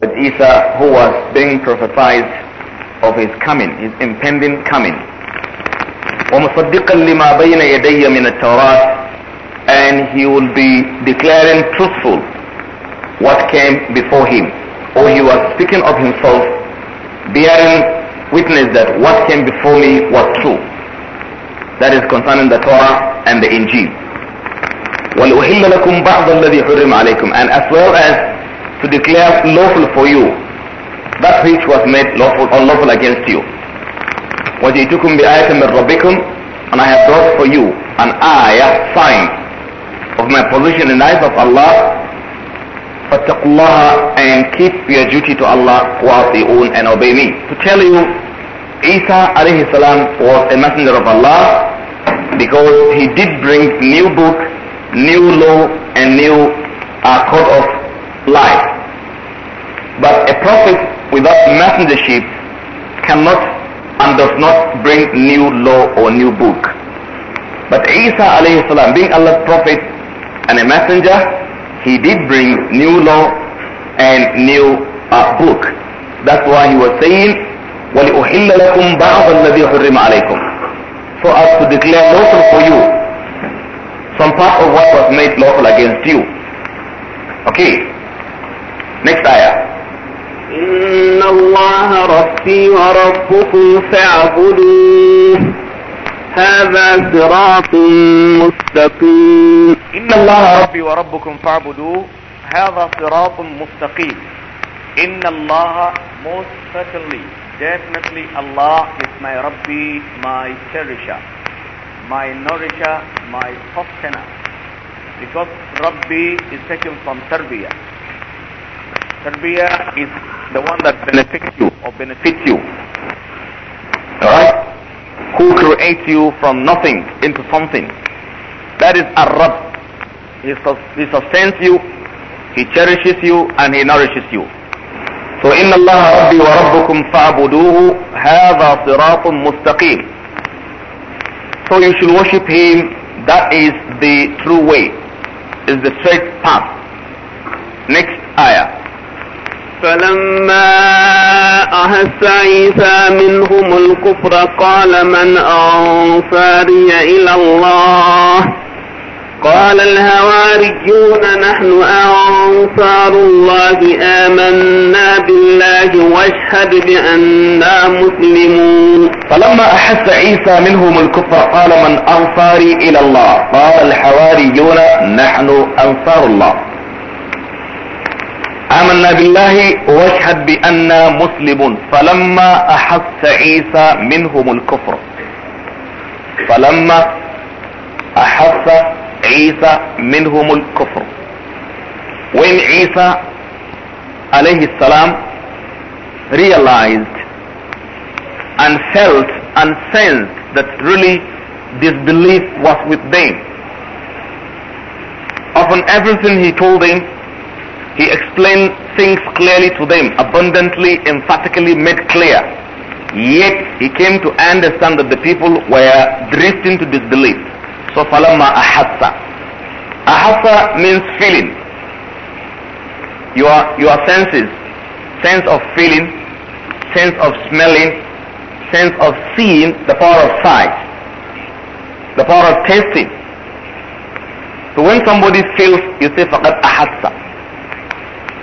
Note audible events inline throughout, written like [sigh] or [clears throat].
that Isa who was being prophesied of his coming, his impending coming. and he will be declaring truthful what came before him or oh, he was speaking of himself bearing witness that what came before me was true that is concerning the Torah and the Injil لَكُمْ بَعْضَ الَّذِي حُرِّمَ عَلَيْكُمْ and as well as to declare lawful for you that which was made lawful unlawful against you. وَجِئْتُكُمْ بِآيَةٍ مِّن رَّبِّكُمْ And I have brought for you an ayah, sign of my position in the eyes of Allah. فَاتَّقُوا اللَّهَ And keep your duty to Allah وَأَطِيعُونَ And obey me. To tell you, Isa alayhi salam was a messenger of Allah because he did bring new book, new law and new uh, code of life. But a prophet without messengership cannot and does not bring new law or new book. But Isa alayhi salam, being Allah's prophet and a messenger, he did bring new law and new uh, book. That's why he was saying, وَلِأُحِلَّ لَكُمْ بَعْضَ الَّذِي حُرِّمَ عَلَيْكُمْ So as to declare lawful for you some part of what was made lawful against you. Okay, Next ayah. إن الله ربي وربكم فاعبدوه هذا صراط مستقيم إن الله ربي وربكم فاعبدوه هذا صراط مستقيم إن الله most certainly definitely Allah is my ربي my cherisher my nourisher my sustainer because ربي is taken from Serbia Tanbiyah uh, is the one that benefits you or benefits you. Alright? Who creates you from nothing into something. That a Rab. He, sustains you, He cherishes you, and He nourishes you. So, Allah Rabbī wa Rabbukum فَاعْبُدُوهُ هَذَا صِرَاطٌ mustaqīm. So you should worship Him. That is the true way. Is the straight path. Next ayah. فلما أحس عيسى منهم الكفر قال من أنصاري إلى الله قال الهواريون نحن أنصار الله آمنا بالله واشهد بأننا مسلمون فلما أحس عيسى منهم الكفر قال من أنصاري إلى الله قال الحواريون نحن أنصار الله آمنا بالله واشهد بأننا مسلمون فلما أحس عيسى منهم الكفر فلما أحس عيسى منهم الكفر when عيسى عليه السلام realized and felt and sensed that really disbelief was with them. Upon everything he told them He explained things clearly to them, abundantly, emphatically made clear. Yet he came to understand that the people were drifting to disbelief. So falama ahassa. Ahassa means feeling. Your, your senses, sense of feeling, sense of smelling, sense of seeing, the power of sight, the power of tasting. So when somebody feels, you say فقد ahassa.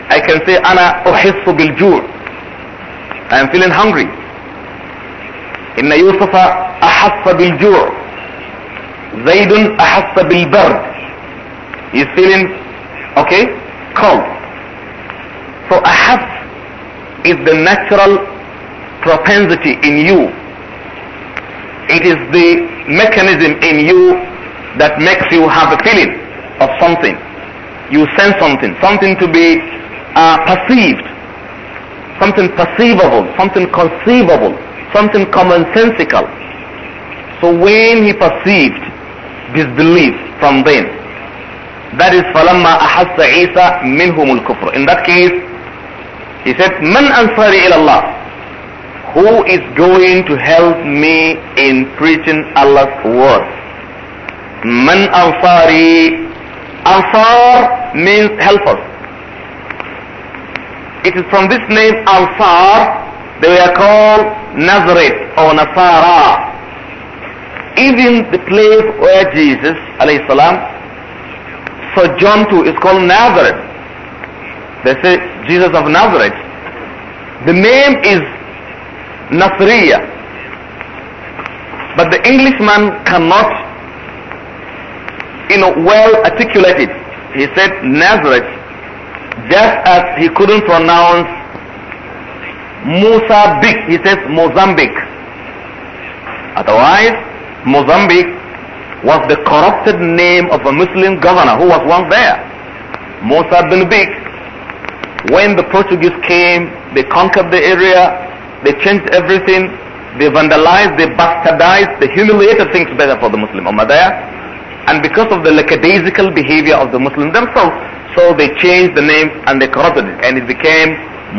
I can say, Ana أحس بالجوع. I am feeling hungry. إن يوسف أحس بالجوع. زيد أحس بالبرد. bil bird. feeling, okay, cold. So أحس is the natural propensity in you. It is the mechanism in you that makes you have a feeling of something. You sense something, something to be perceived, something perceivable, something conceivable, something commonsensical. So when he perceived disbelief from them, that is فَلَمَّا أَحَسَّ عِيسَى مِنْهُمُ الْكُفْرُ In that case, he said, مَنْ أَنْصَارِ إِلَى اللَّهِ Who is going to help me in preaching Allah's word? مَنْ أَنْصَارِ Ansar means helpers. It is from this name Ansar, they were called Nazareth or Nasara. Even the place where Jesus, alayhi salam, sojourned to is called Nazareth. They say Jesus of Nazareth. The name is Nasriya. But the Englishman cannot, you know, well articulate it. He said Nazareth just as he couldn't pronounce Mozambique, he says Mozambique. Otherwise, Mozambique was the corrupted name of a Muslim governor who was once there, Musa bin Big. When the Portuguese came, they conquered the area, they changed everything, they vandalized, they bastardized, they humiliated things better for the Muslim Ummah there. And because of the lackadaisical behavior of the Muslims themselves, so they changed the name and they corrupted it and it became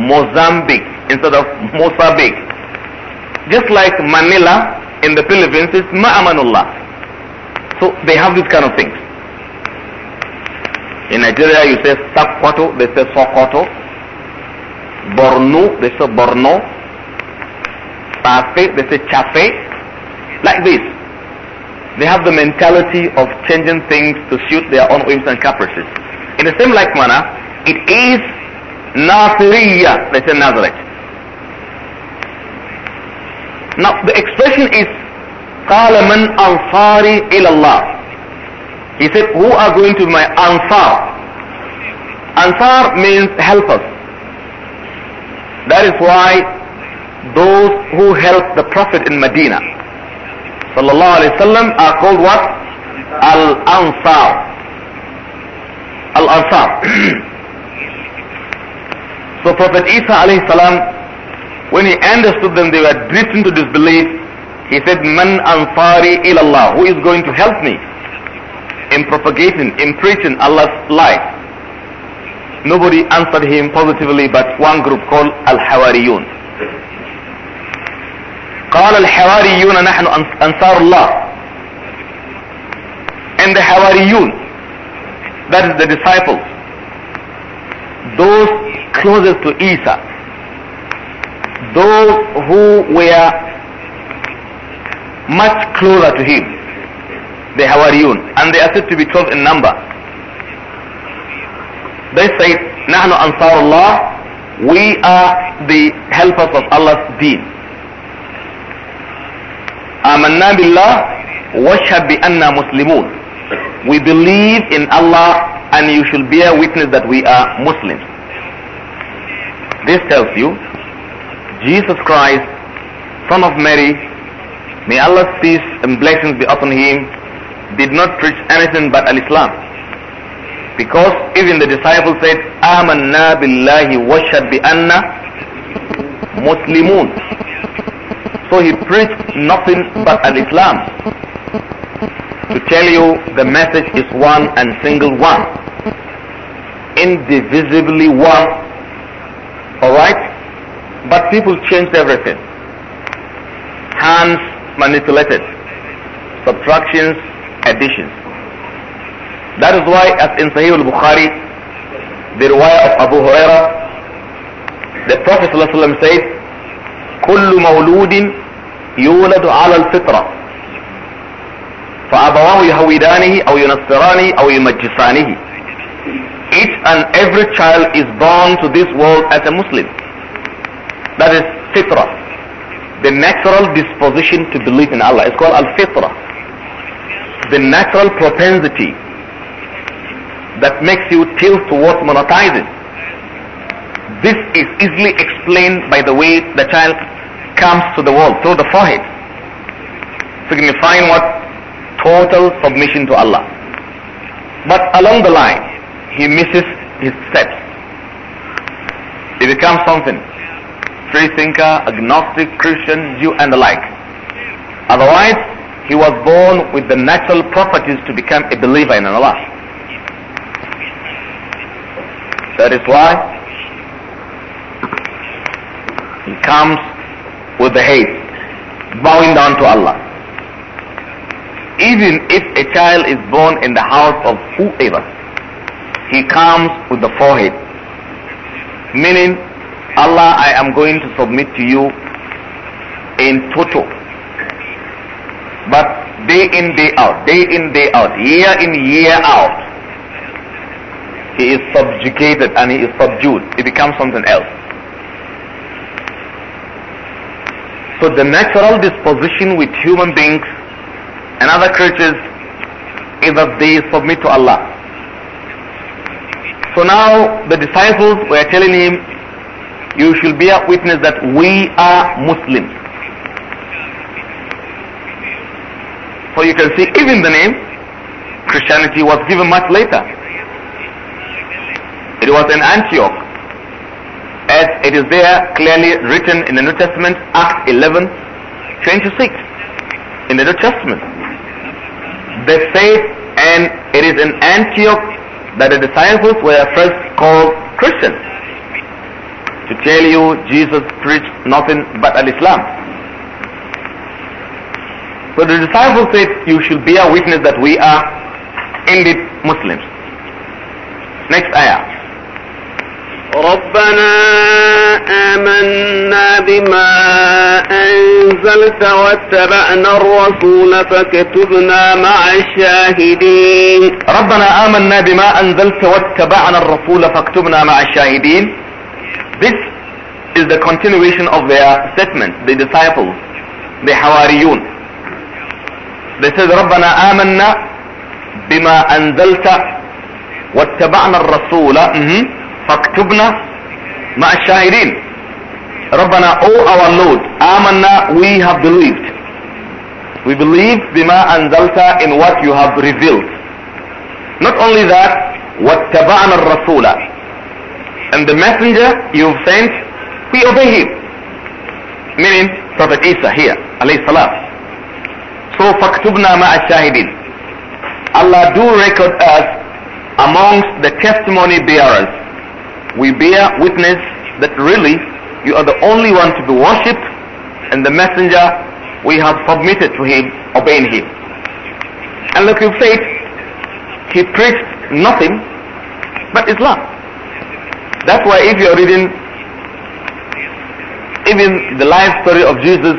Mozambique instead of Mozambique. Just like Manila in the Philippines is Ma'amanullah. So they have these kind of things. In Nigeria you say Sokoto, they say Sokoto. Borno, they say Borno. Chafe, they say Chafe. Like this. They have the mentality of changing things to suit their own whims and caprices. In the same like manner, it is Nasiriyah. They say Nazareth. Now the expression is قال من Ansari ilallah." He said, who are going to be my Ansar? Ansar means helpers. That is why those who helped the Prophet in Medina sallallahu alayhi wasallam are called what? Al-Ansar. Al-Ansar. [clears throat] so Prophet Isa alayhi salam, when he understood them, they were drifting to disbelief. He said, Man ansari ilallah, who is going to help me in propagating, in preaching Allah's light? Nobody answered him positively but one group called Al-Hawariyun. قال الحواريون نحن أنصار الله and the Hawariyun that is the disciples, those closest to Isa, those who were much closer to him, the Hawariyun, and they are said to be 12 in number. They say, "Nahnu أنصار Allah, we are the helpers of Allah's deen. آمنا بالله واشهد anna muslimun. We believe in Allah and you should bear witness that we are Muslims. This tells you Jesus Christ, son of Mary, may Allah's peace and blessings be upon him, did not preach anything but al-Islam. Because even the disciples said, Amanna billahi washad bi anna Muslimun. So he preached nothing but al-Islam to tell you the message is one and single one, indivisibly one. Alright? But people changed everything. Hands manipulated, subtractions, additions. That is why, as in Sahih al Bukhari, the riwayah of Abu Huraira, the Prophet ﷺ said, كل مولود يولد على الفطره فأبواه يهودانه أو ينصرانه أو يمجسانه each and every child is born to this world as a Muslim that is fitra, the natural disposition to believe in Allah it's called al fitra the natural propensity that makes you tilt towards monetizing this is easily explained by the way the child comes to the world through the forehead signifying what total submission to Allah. But along the line, he misses his steps. He becomes something. Free thinker, agnostic, Christian, Jew, and the like. Otherwise, he was born with the natural properties to become a believer in Allah. That is why he comes with the hate, bowing down to Allah even if a child is born in the house of whoever, he comes with the forehead, meaning, Allah, I am going to submit to you in total. But day in, day out, day in, day out, year in, year out, he is subjugated and he is subdued. He becomes something else. So the natural disposition with human beings and other creatures is that they submit to Allah. So now the disciples were telling him, you should a witness that we are Muslims. So you can see even the name Christianity was given much later. It was in Antioch. As it is there clearly written in the New Testament, Acts 11, 26. In the New Testament. They say, and it is in Antioch that the disciples were first called Christians. To tell you, Jesus preached nothing but Al-Islam. So the disciples said, you should bear witness that we are indeed Muslims. Next ayah. ربنا آمنا بما أنزلت واتبعنا الرسول فاكتبنا مع الشاهدين ربنا آمنا بما أنزلت واتبعنا الرسول فاكتبنا مع الشاهدين This is the continuation of their statement, the disciples, the Hawariyun. They said, ربنا آمنا بما أنزلت واتبعنا الرسول mm -hmm. فاكتبنا مع الشاهدين ربنا O our Lord آمنا we have believed we believe بما أنزلت in what you have revealed not only that واتبعنا الرسول and the messenger you've sent we obey him meaning Prophet Isa here alayhi salam so فاكتبنا مع الشاهدين Allah do record us amongst the testimony bearers we bear witness that really you are the only one to be worshipped and the messenger we have submitted to him, obeying him. And look, you say he preached nothing but Islam. That's why if you are reading even the life story of Jesus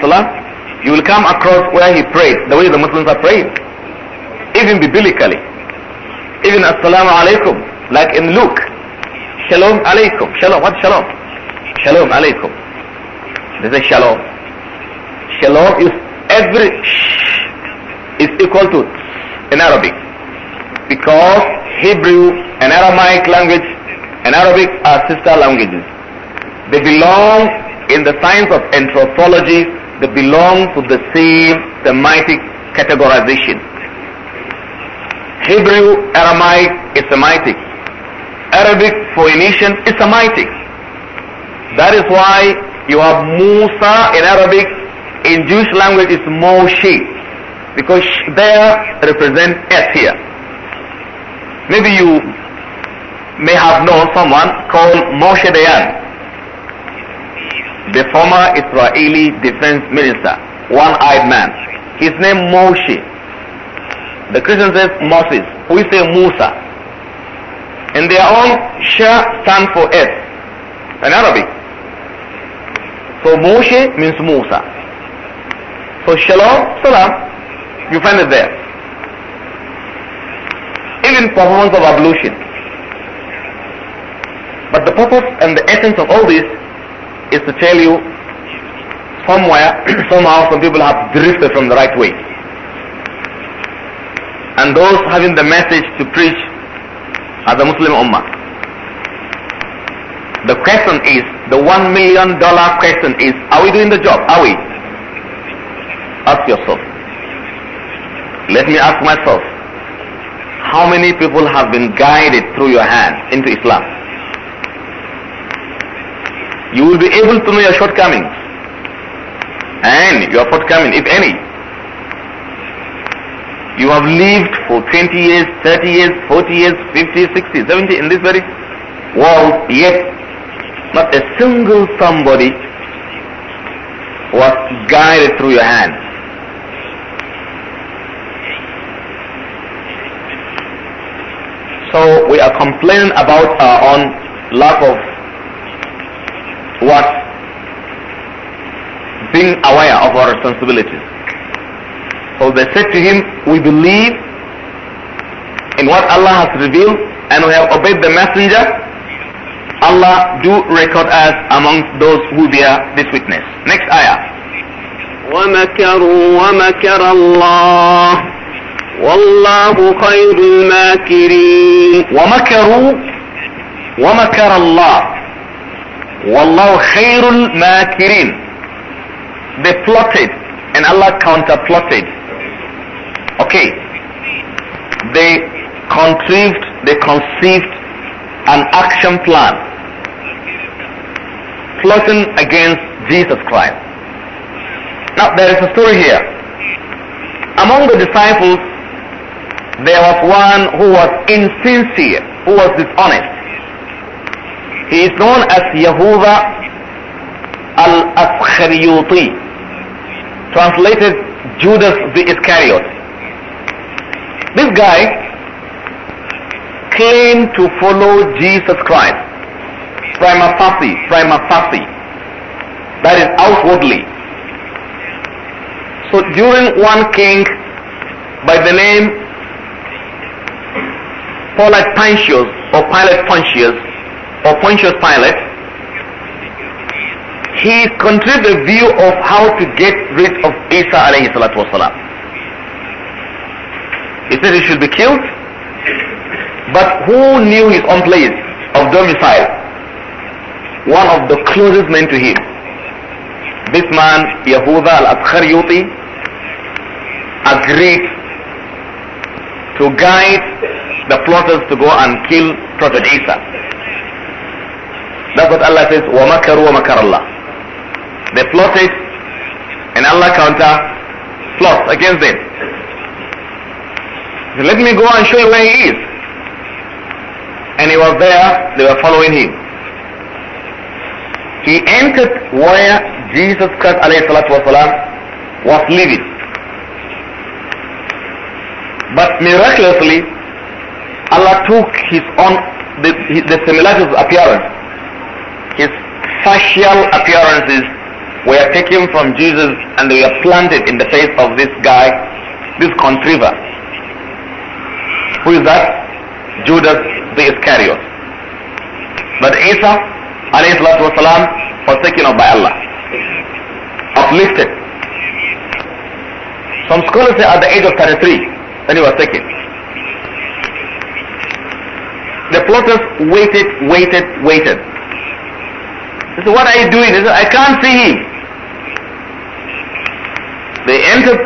salam, you will come across where he prayed, the way the Muslims are praying. Even biblically. Even assalamu alaikum, like in Luke Shalom aleikum. Shalom. What shalom? Shalom aleikum. They say shalom. Shalom is every sh is equal to in Arabic because Hebrew and Aramaic language and Arabic are sister languages. They belong in the science of anthropology. They belong to the same Semitic categorization. Hebrew, Aramaic is Semitic. Arabic, Phoenician, Islamitic. That is why you have Musa in Arabic, in Jewish language it's Moshe, because there represent S here. Maybe you may have known someone called Moshe Dayan, the former Israeli defense minister, one-eyed man. His name Moshe. The Christian says Moses. We say Musa. And their own sha stand for S in Arabic. So Moshe means Musa. So Shalom, Salam, you find it there. Even performance of ablution. But the purpose and the essence of all this is to tell you somewhere, [clears throat] somehow some people have drifted from the right way. And those having the message to preach as a Muslim Ummah. The question is, the one million dollar question is, are we doing the job? Are we? Ask yourself. Let me ask myself. How many people have been guided through your hands into Islam? You will be able to know your shortcomings and your shortcomings, if any. You have lived for 20 years, 30 years, 40 years, 50, 60, 70 in this very world, yet not a single somebody was guided through your hand. So we are complaining about our uh, own lack of what? Being aware of our responsibilities. So they said to him, we believe in what Allah has revealed and we have obeyed the messenger. Allah do record us among those who bear this witness. Next ayah. ومكروا ومكر الله والله خير الماكرين ومكروا ومكر الله والله خير الماكرين they plotted and Allah counter-plotted. Okay. They conceived, they conceived an action plan plotting against Jesus Christ. Now there is a story here. Among the disciples, there was one who was insincere, who was dishonest. He is known as Yehuda al-Askariyuti, translated Judas the Iscariot. This guy claimed to follow Jesus Christ. Prima facie, prima facie. That is outwardly. So during one king by the name Pilate Pontius or Pilate Pontius or Pontius Pilate, he conceived a view of how to get rid of Isa alayhi salatu wasalam. He said he should be killed. But who knew his own place of domicile? One of the closest men to him. This man, Yehuda al-Adkhariyuti, agreed to guide the plotters to go and kill Prophet Isa. That's what Allah says, وَمَكَرُوا وَمَكَرَ اللَّهِ They plotted and Allah counter plots against them. He said, let me go and show you where he is. And he was there, they were following him. He entered where Jesus Christ والسلام, was living. But miraculously, Allah took his own, the, the similarity of appearance. His facial appearances were taken from Jesus and they were planted in the face of this guy, this contriver. Who is that? Judas the Iscariot. But Isa, alayhi salatu wasalam, was taken up by Allah. Uplifted. Some scholars say at the age of 33, when he was taken. The plotters waited, waited, waited. They said, what are you doing? They said, I can't see him. They entered.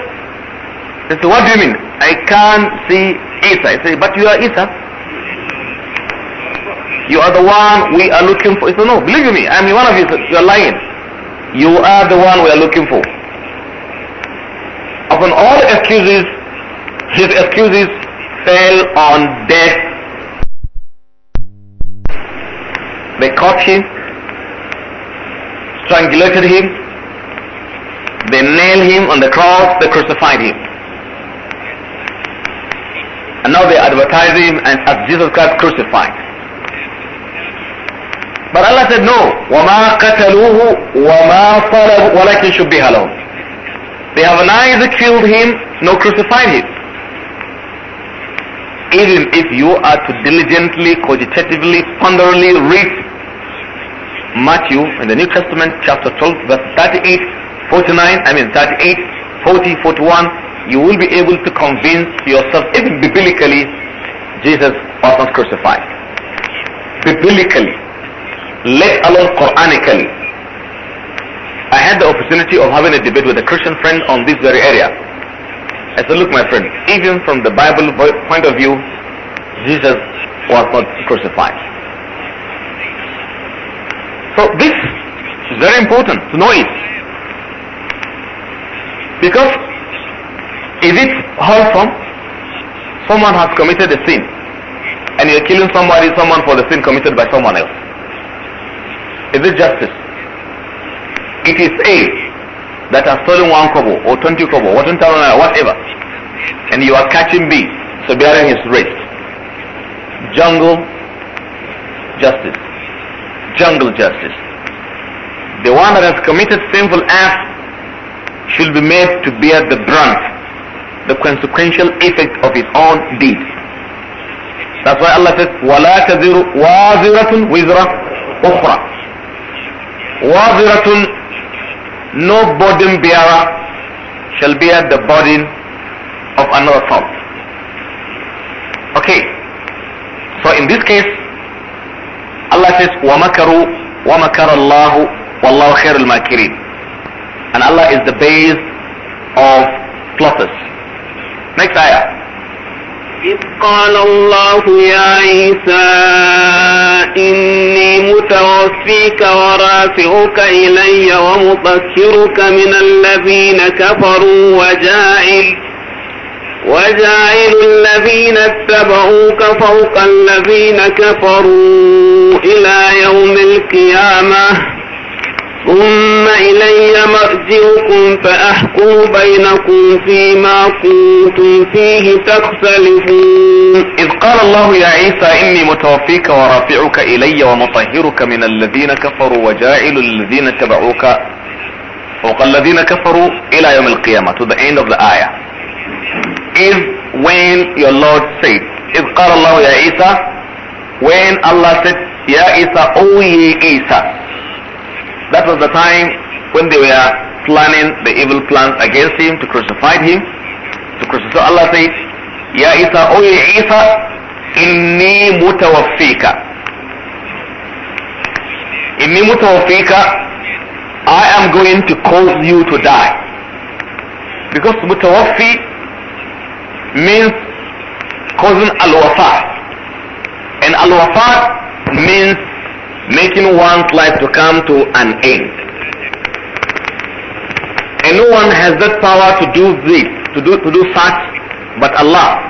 They said, what do you mean? I can't see Isa. He said, but you are Isa. You are the one we are looking for. He said, no, believe me, I'm one of you. You are lying. You are the one we are looking for. Upon all excuses, his excuses fell on deaf. They caught him, strangulated him, they nailed him on the cross, they crucified him. And now they advertise him at Jesus Christ crucified. But Allah said no. وَمَا قَتَلُوهُ وَمَا صَلَبُوا وَلَكِنْ شُبِّهَ لَهُمْ They have neither killed him nor crucified him. Even if you are to diligently, cogitatively, ponderingly read Matthew in the New Testament chapter 12 verse 38, 49, I mean 38, 40, 41, you will be able to convince yourself, even biblically, Jesus was not crucified. Biblically, let alone Quranically. I had the opportunity of having a debate with a Christian friend on this very area. I said, look, my friend, even from the Bible point of view, Jesus was not crucified. So this is very important to know it. Because is it wholesome? Someone has committed a sin and you're killing somebody, someone for the sin committed by someone else. Is it justice? It is A that has stolen one kobo or 20 kobo, whatever, and you are catching B, so bearing his wrist. Jungle justice. Jungle justice. The one that has committed sinful acts should be made to bear the brunt the consequential effect of his own deed. That's why Allah says, وَلَا تَزِرُ وَازِرَةٌ وِزْرَ أُخْرَى وَازِرَةٌ No burden bearer shall bear the burden of another fault. Okay. So in this case, Allah says, وَمَكَرُوا وَمَكَرَ اللَّهُ وَاللَّهُ خَيْرُ الْمَاكِرِينَ And Allah is the base of plotters. next ayah إذ قال الله يا عيسى إني متوفيك ورافعك إلي ومطهرك من الذين كفروا وجاعل وجاعل الذين اتبعوك فوق الذين كفروا إلى يوم القيامة ثم إلي مرجعكم فأحكم بينكم فيما كنتم فيه تختلفون إذ قال الله يا عيسى إني متوفيك ورافعك إلي ومطهرك من الذين كفروا وجاعل الذين اتبعوك فوق الذين كفروا إلى يوم القيامة to the end of the ayah is when your Lord said إذ قال الله يا عيسى when Allah said يا عيسى أو يا عيسى That was the time when they were planning the evil plans against him to crucify him. To crucify Allah says, Ya Isa, O ya Isa, inni mutawafika. Inni mutawafika. I am going to cause you to die. Because mutawaffi means causing al-wafat. And al-wafat means making one's life to come to an end. And no one has that power to do this, to do, to do such, but Allah.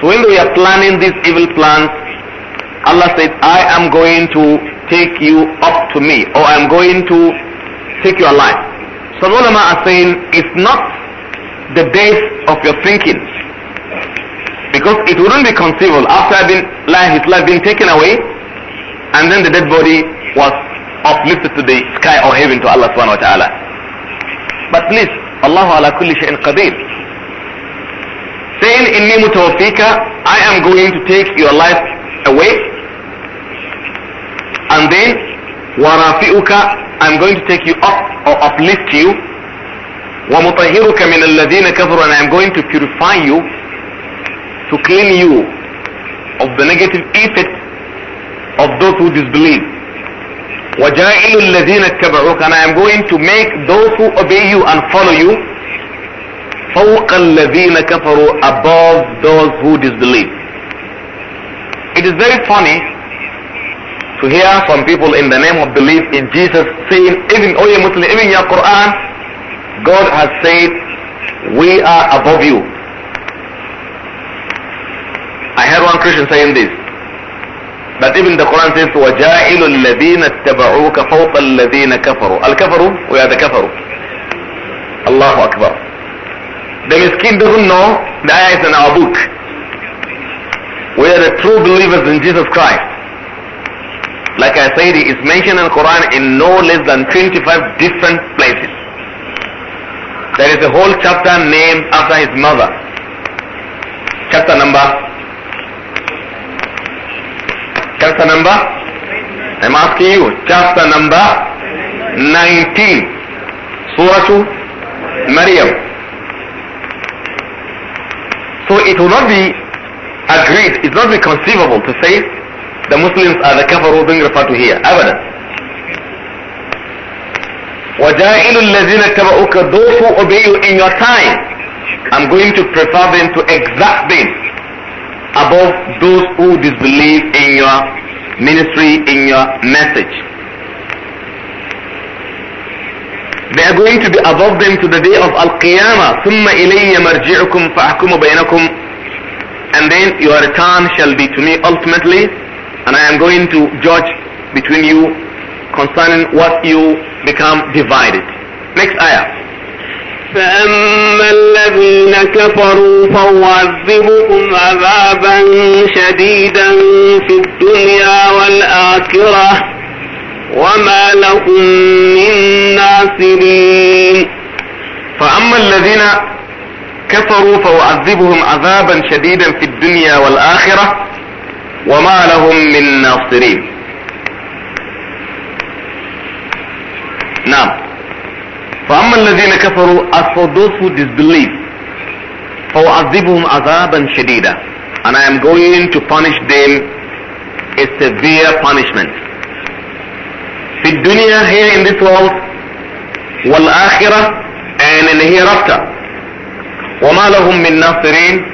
So when we are planning these evil plans, Allah said, I am going to take you up to me, or I'm going to take your life. Some ulama are saying, it's not the base of your thinking. Because it wouldn't be conceivable after having like his life being taken away, and then the dead body was uplifted to the sky or heaven to Allah subhanahu wa ta'ala. But please, Allah ala kulli shay'in qadir. Saying, Inni mutawafika, I am going to take your life away. And then, warafi'uka, I'm going to take you up or uplift you. وَمُطَهِّرُكَ min الَّذِينَ كَفَرُوا And I'm going to purify you, to clean you of the negative effects of those who disbelieve. وَجَائِلُ الَّذِينَ اتَّبَعُوكَ And I am going to make those who obey you and follow you فَوْقَ الَّذِينَ كَفَرُوا Above those who disbelieve. It is very funny to hear from people in the name of belief in Jesus saying, even, O oh, ye Muslim, even your Quran, God has said, we are above you. I heard one Christian saying this. بعدين ده القرآن سيس وجاعل الذين اتبعوك فوق الذين كفروا الكفر ويا كفروا الله أكبر ده مسكين ده ظنه ده آية أنا أبوك We are the true believers in Jesus Christ. Like I said, he is mentioned in Quran in no less than 25 different places. There is a whole chapter named after his mother. Chapter number Chapter number? I'm asking you. Chapter number 19. Surah Maryam. So it will not be agreed, It's not be conceivable to say the Muslims are the kafaru being referred to here. Evidence. وَجَائِلُ الَّذِينَ اتَّبَعُوكَ Those who obey you in your time, I'm going to prefer them to exact them above those who disbelieve in your ministry, in your message. They are going to be above them to the day of Al-Qiyamah. ثُمَّ إِلَيَّ مَرْجِعُكُمْ فَأَحْكُمُ بَيْنَكُمْ And then your return shall be to me ultimately, and I am going to judge between you concerning what you become divided. Next ayah. فأما الذين كفروا فأعذبهم عذابا شديدا في الدنيا والآخرة وما لهم من ناصرين فأما الذين كفروا فأعذبهم عذابا شديدا في الدنيا والآخرة وما لهم من ناصرين نعم فأما الذين كفروا as for those who disbelieve فأعذبهم عذابا شديدا and I am going to punish them a severe punishment في الدنيا here in this world والآخرة and in the hereafter وما لهم من ناصرين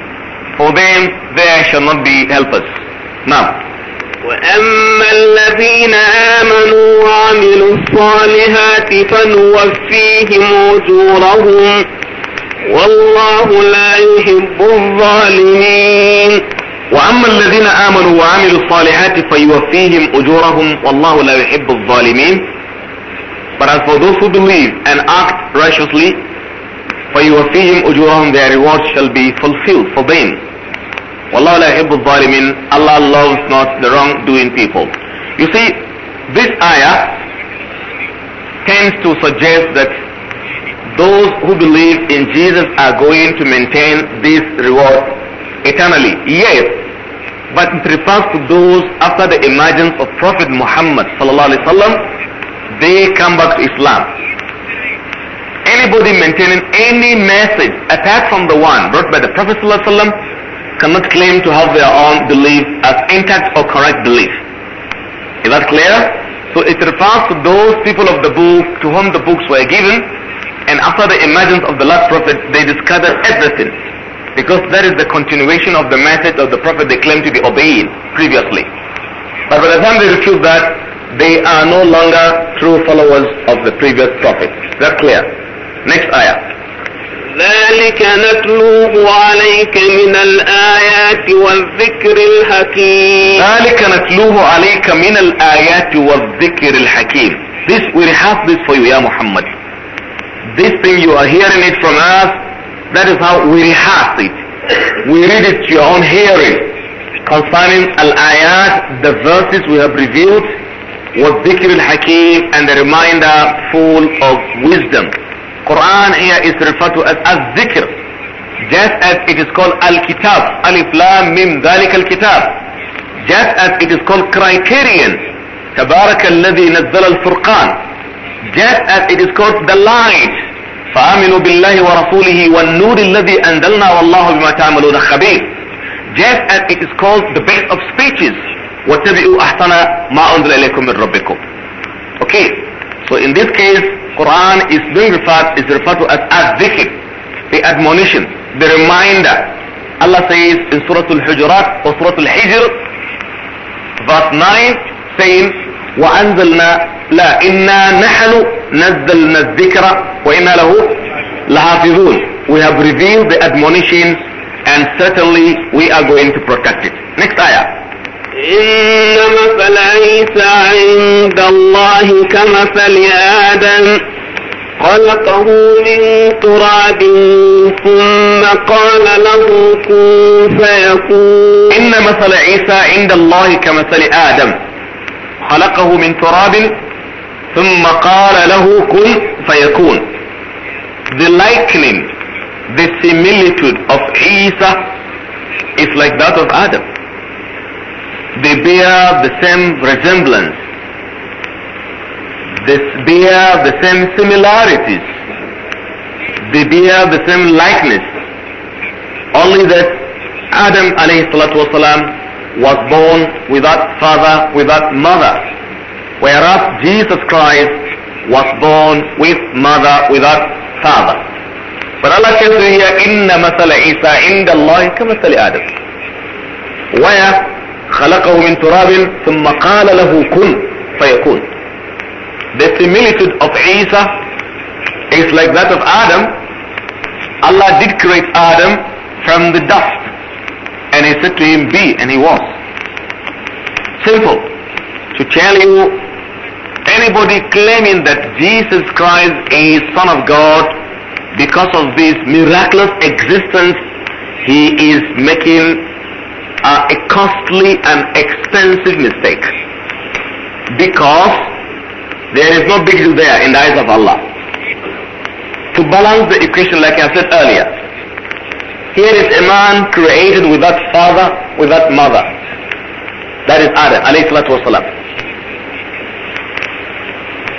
for them there shall not be helpers now وأما الذين آمنوا وعملوا الصالحات فنوفيهم أجورهم والله لا يحب الظالمين وأما الذين آمنوا وعملوا الصالحات فيوفيهم أجورهم والله لا يحب الظالمين But as for those who believe and act righteously, فيوفيهم أجورهم their rewards shall be fulfilled for them. Wallahu la yuhibbu zalimin. Allah loves not the wrongdoing people. You see, this ayah tends to suggest that those who believe in Jesus are going to maintain this reward eternally. Yes, but it refers to those after the emergence of Prophet Muhammad sallallahu alaihi wasallam, they come back to Islam. Anybody maintaining any message apart from the one brought by the Prophet sallallahu alaihi wasallam cannot claim to have their own belief as intact or correct belief. Is that clear? So it refers to those people of the book to whom the books were given and after the emergence of the last prophet they discovered everything because that is the continuation of the message of the prophet they claimed to be obeying previously. But by the time they refute that, they are no longer true followers of the previous prophet. Is that clear? Next ayah. ذلك نتلوه عليك من الآيات والذكر الحكيم ذلك نتلوه عليك من الآيات والذكر الحكيم This we have this for you يا محمد This thing you are hearing it from us That is how we rehearse it We read it to your own hearing concerning al-ayat, the verses we have revealed, was الحكيم al-hakim and the reminder full of wisdom. Quran here is referred to as az-zikr just as it is called al-kitab alif lam mim dhalik al-kitab just as it is called criterion تبارك الذي نزل الفرقان just as it is called the light فآمنوا بالله ورسوله والنور الذي أنزلنا والله بما تعملون خبير just as it is called the base of speeches واتبعوا أحسن ما أنزل إليكم من ربكم okay So in this case, Quran is being referred is referred to as ad-dhikr, the admonition, the reminder. Allah says in Surah Al-Hujurat or Surah Al-Hijr, verse 9, saying, وَأَنزَلْنَا لَا إِنَّا نَحْلُ نَزَّلْنَا الذِّكْرَ وَإِنَّا لَهُ لَحَافِظُونَ We have revealed the admonition and certainly we are going to protect it. Next ayah. إن مثل عيسى عند الله كمثل آدم خلقه من تراب ثم قال له كن فيكون إن مثل عيسى عند الله كمثل آدم خلقه من تراب ثم قال له كن فيكون The likening, the similitude of Isa is like that of Adam. they bear the same resemblance. They bear the same similarities. They bear the same likeness. Only that Adam alayhi was born without father, without mother. Whereas Jesus Christ was born with mother, without father. But Allah says here, إِنَّ مَثَلَ عِيسَى عِنْدَ اللَّهِ كَمَثَلِ Adam." Where خلقه من تراب ثم قال له كن فيكون the similitude of Isa is like that of Adam Allah did create Adam from the dust and he said to him be and he was simple to tell you anybody claiming that Jesus Christ is son of God because of this miraculous existence he is making uh, a costly and expensive mistake because there is no big deal there in the eyes of Allah. To balance the equation like I said earlier, here is a man created without father, without mother. That is Adam, alayhi salatu wasalam.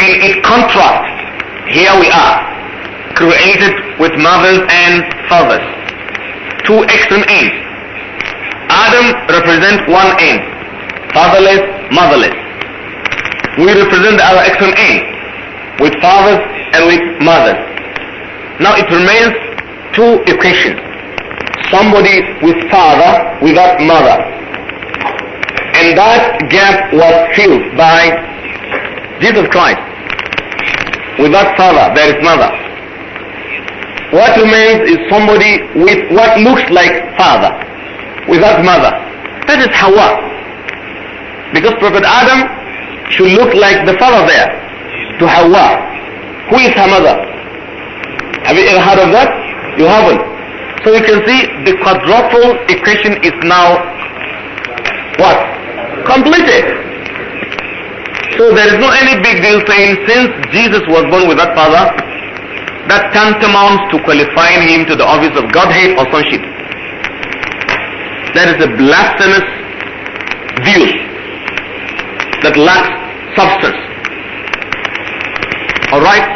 In, in contrast, here we are, created with mothers and fathers. Two extreme ends. Adam represents one end, Fatherless, motherless. We represent our exon N with fathers and with mothers. Now it remains two equations. Somebody with father without mother. And that gap was filled by Jesus Christ. Without father, there is mother. What remains is somebody with what looks like father without mother. That is Hawa. Because Prophet Adam should look like the father there to Hawa. Who is her mother? Have you ever heard of that? You haven't. So you can see the quadruple equation is now what? Completed. So there is no any big deal saying since Jesus was born without father, that tantamounts to qualifying him to the office of Godhead or sonship. That is a blasphemous view that lacks substance. Alright?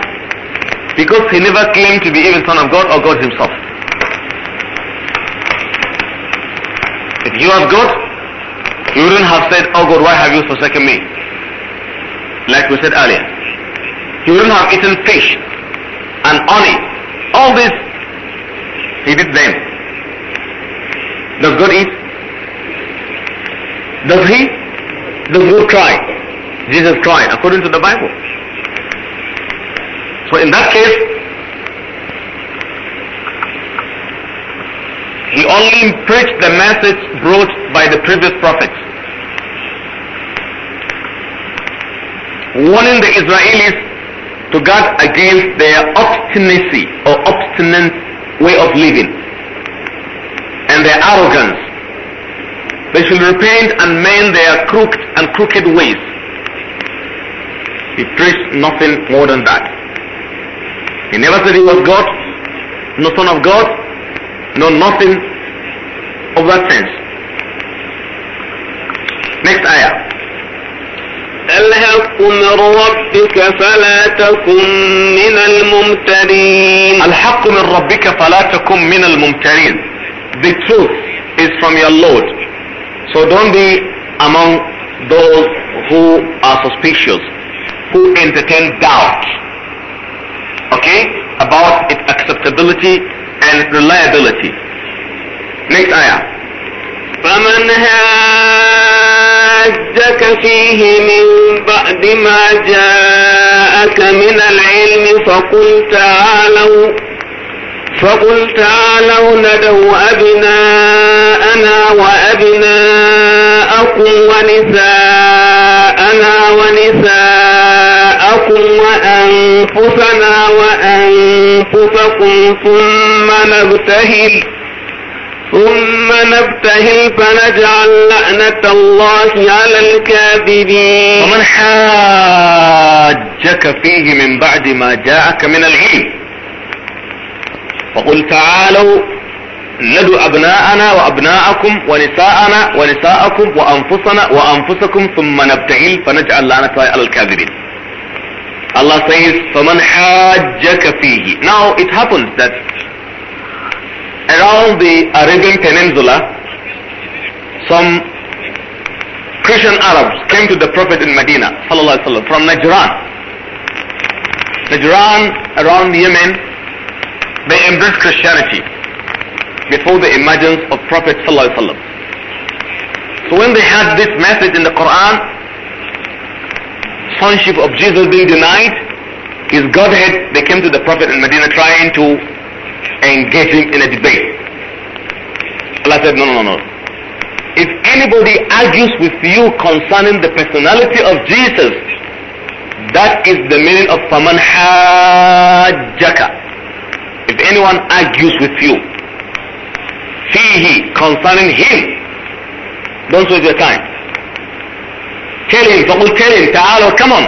Because he never claimed to be even son of God or God himself. If you have God, you wouldn't have said, Oh God, why have you forsaken me? Like we said earlier. He wouldn't have eaten fish and honey. All this he did them. Does God eat? Does He? Does God try? Jesus tried according to the Bible. So in that case, he only preached the message brought by the previous prophets. Warning the Israelis to guard against their obstinacy or obstinate way of living and their arrogance. They should repent and mend their crooked and crooked ways. He preached nothing more than that. He never said he was God, no son of God, no nothing of that sense. Next ayah. الحق takum ربك فلا تكن من الممترين الحق من ربك فلا تكن من الممترين the truth is from your Lord. So don't be among those who are suspicious, who entertain doubt, okay, about its acceptability and reliability. Next ayah. فمن هاجك فيه من بعد ما جاءك من العلم فقل تعالوا فقل تعالوا ندعو أبناءنا وأبناءكم ونساءنا ونساءكم وأنفسنا وأنفسكم ثم نبتهل ثم نبتهل فنجعل لعنة الله على الكاذبين ومن حاجك فيه من بعد ما جاءك من العلم فقل تعالوا ندعو أبناءنا وأبناءكم ونساءنا ونساءكم وأنفسنا وأنفسكم ثم نبتهل فنجعل لعنة الله الكاذبين Allah says فمن حاجك فيه Now it happens that around the Arabian Peninsula some Christian Arabs came to the Prophet in Medina sallallahu alaihi wasallam from Najran Najran around Yemen They embraced Christianity before the emergence of Prophet ﷺ. So when they had this message in the Quran, sonship of Jesus being denied, his Godhead, they came to the Prophet in Medina trying to engage him in a debate. Allah said, no, no, no, no. If anybody argues with you concerning the personality of Jesus, that is the meaning of فَمَنْ حَاجَّكَ if anyone argues with you فيه concerning him don't waste your time tell him فقل tell him تعالوا come on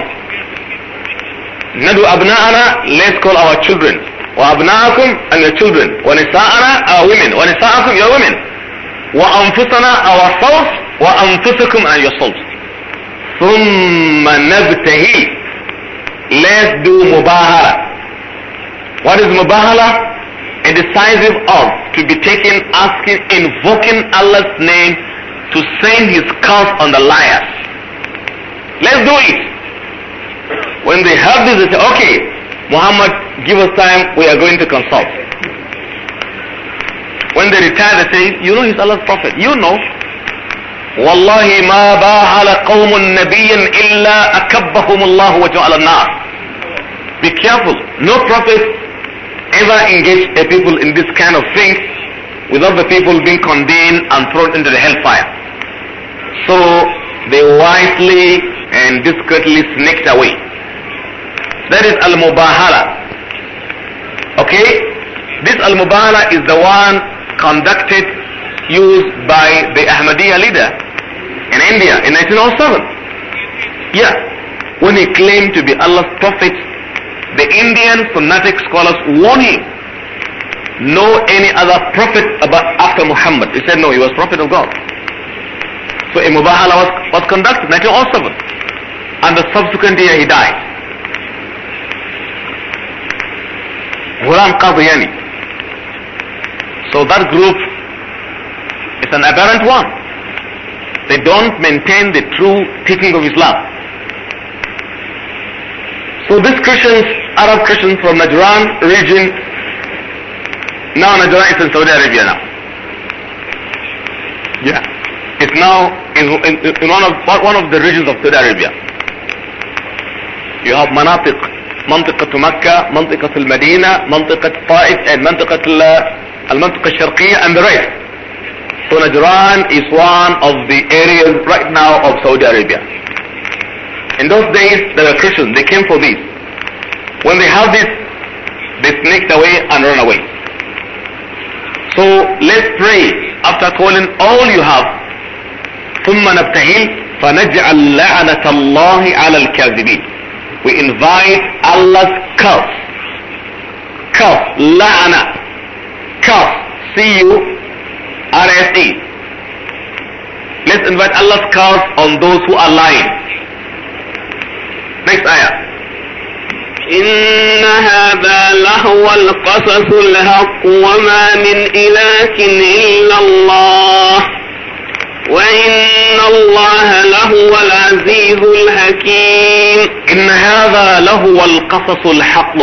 ندعو أبناءنا let's call our children وأبناءكم and your children ونساءنا our women ونساءكم your women وأنفسنا ourselves وأنفسكم and yourselves ثم نبتهي let's do مباهرة What is mubahala? A decisive oath to be taken asking, invoking Allah's name to send his curse on the liars. Let's do it. When they heard this, they say, okay, Muhammad, give us time, we are going to consult. When they retire, they say, you know he's Allah's prophet. You know. والله ما باهل قوم نبيا إلا أكبهم الله وجعل النار. Be careful. No prophet ever engage a people in this kind of thing without the people being condemned and thrown into the hellfire. So they wisely and discreetly sneaked away. That is Al-Mubahala. Okay? This Al-Mubahala is the one conducted, used by the Ahmadiyya leader in India in 1907. Yeah. When he claimed to be Allah's prophet the Indian fanatic scholars warn him, know any other prophet about after Muhammad. He said, no, he was prophet of God. So a Mubahala was, was conducted in 1907. And the subsequent year he died. Ghulam Qadiyani. So that group is an aberrant one. They don't maintain the true teaching of Islam. So these Christians, Arab Christians from Najran region, now Najran is in Saudi Arabia now. Yeah. It's now in, in, in one, of, one of the regions of Saudi Arabia. You have Manatik, منطقة مكة, منطقة المدينة, منطقة طائف, and منطقة المنطقة الشرقية and the rest. So Najran is one of the areas right now of Saudi Arabia. In those days, there were Christians. They came for this. When they have this, they sneaked away and run away. So let's pray after calling all you have. We invite Allah's curse. Curse. laa'na, Curse. C-U-R-S-E. Let's invite Allah's curse on those who are lying. Next ayah. إن هذا لهو القصص الحق وما من إله إلا الله وإن الله لهو العزيز الحكيم إن هذا لهو القصص الحق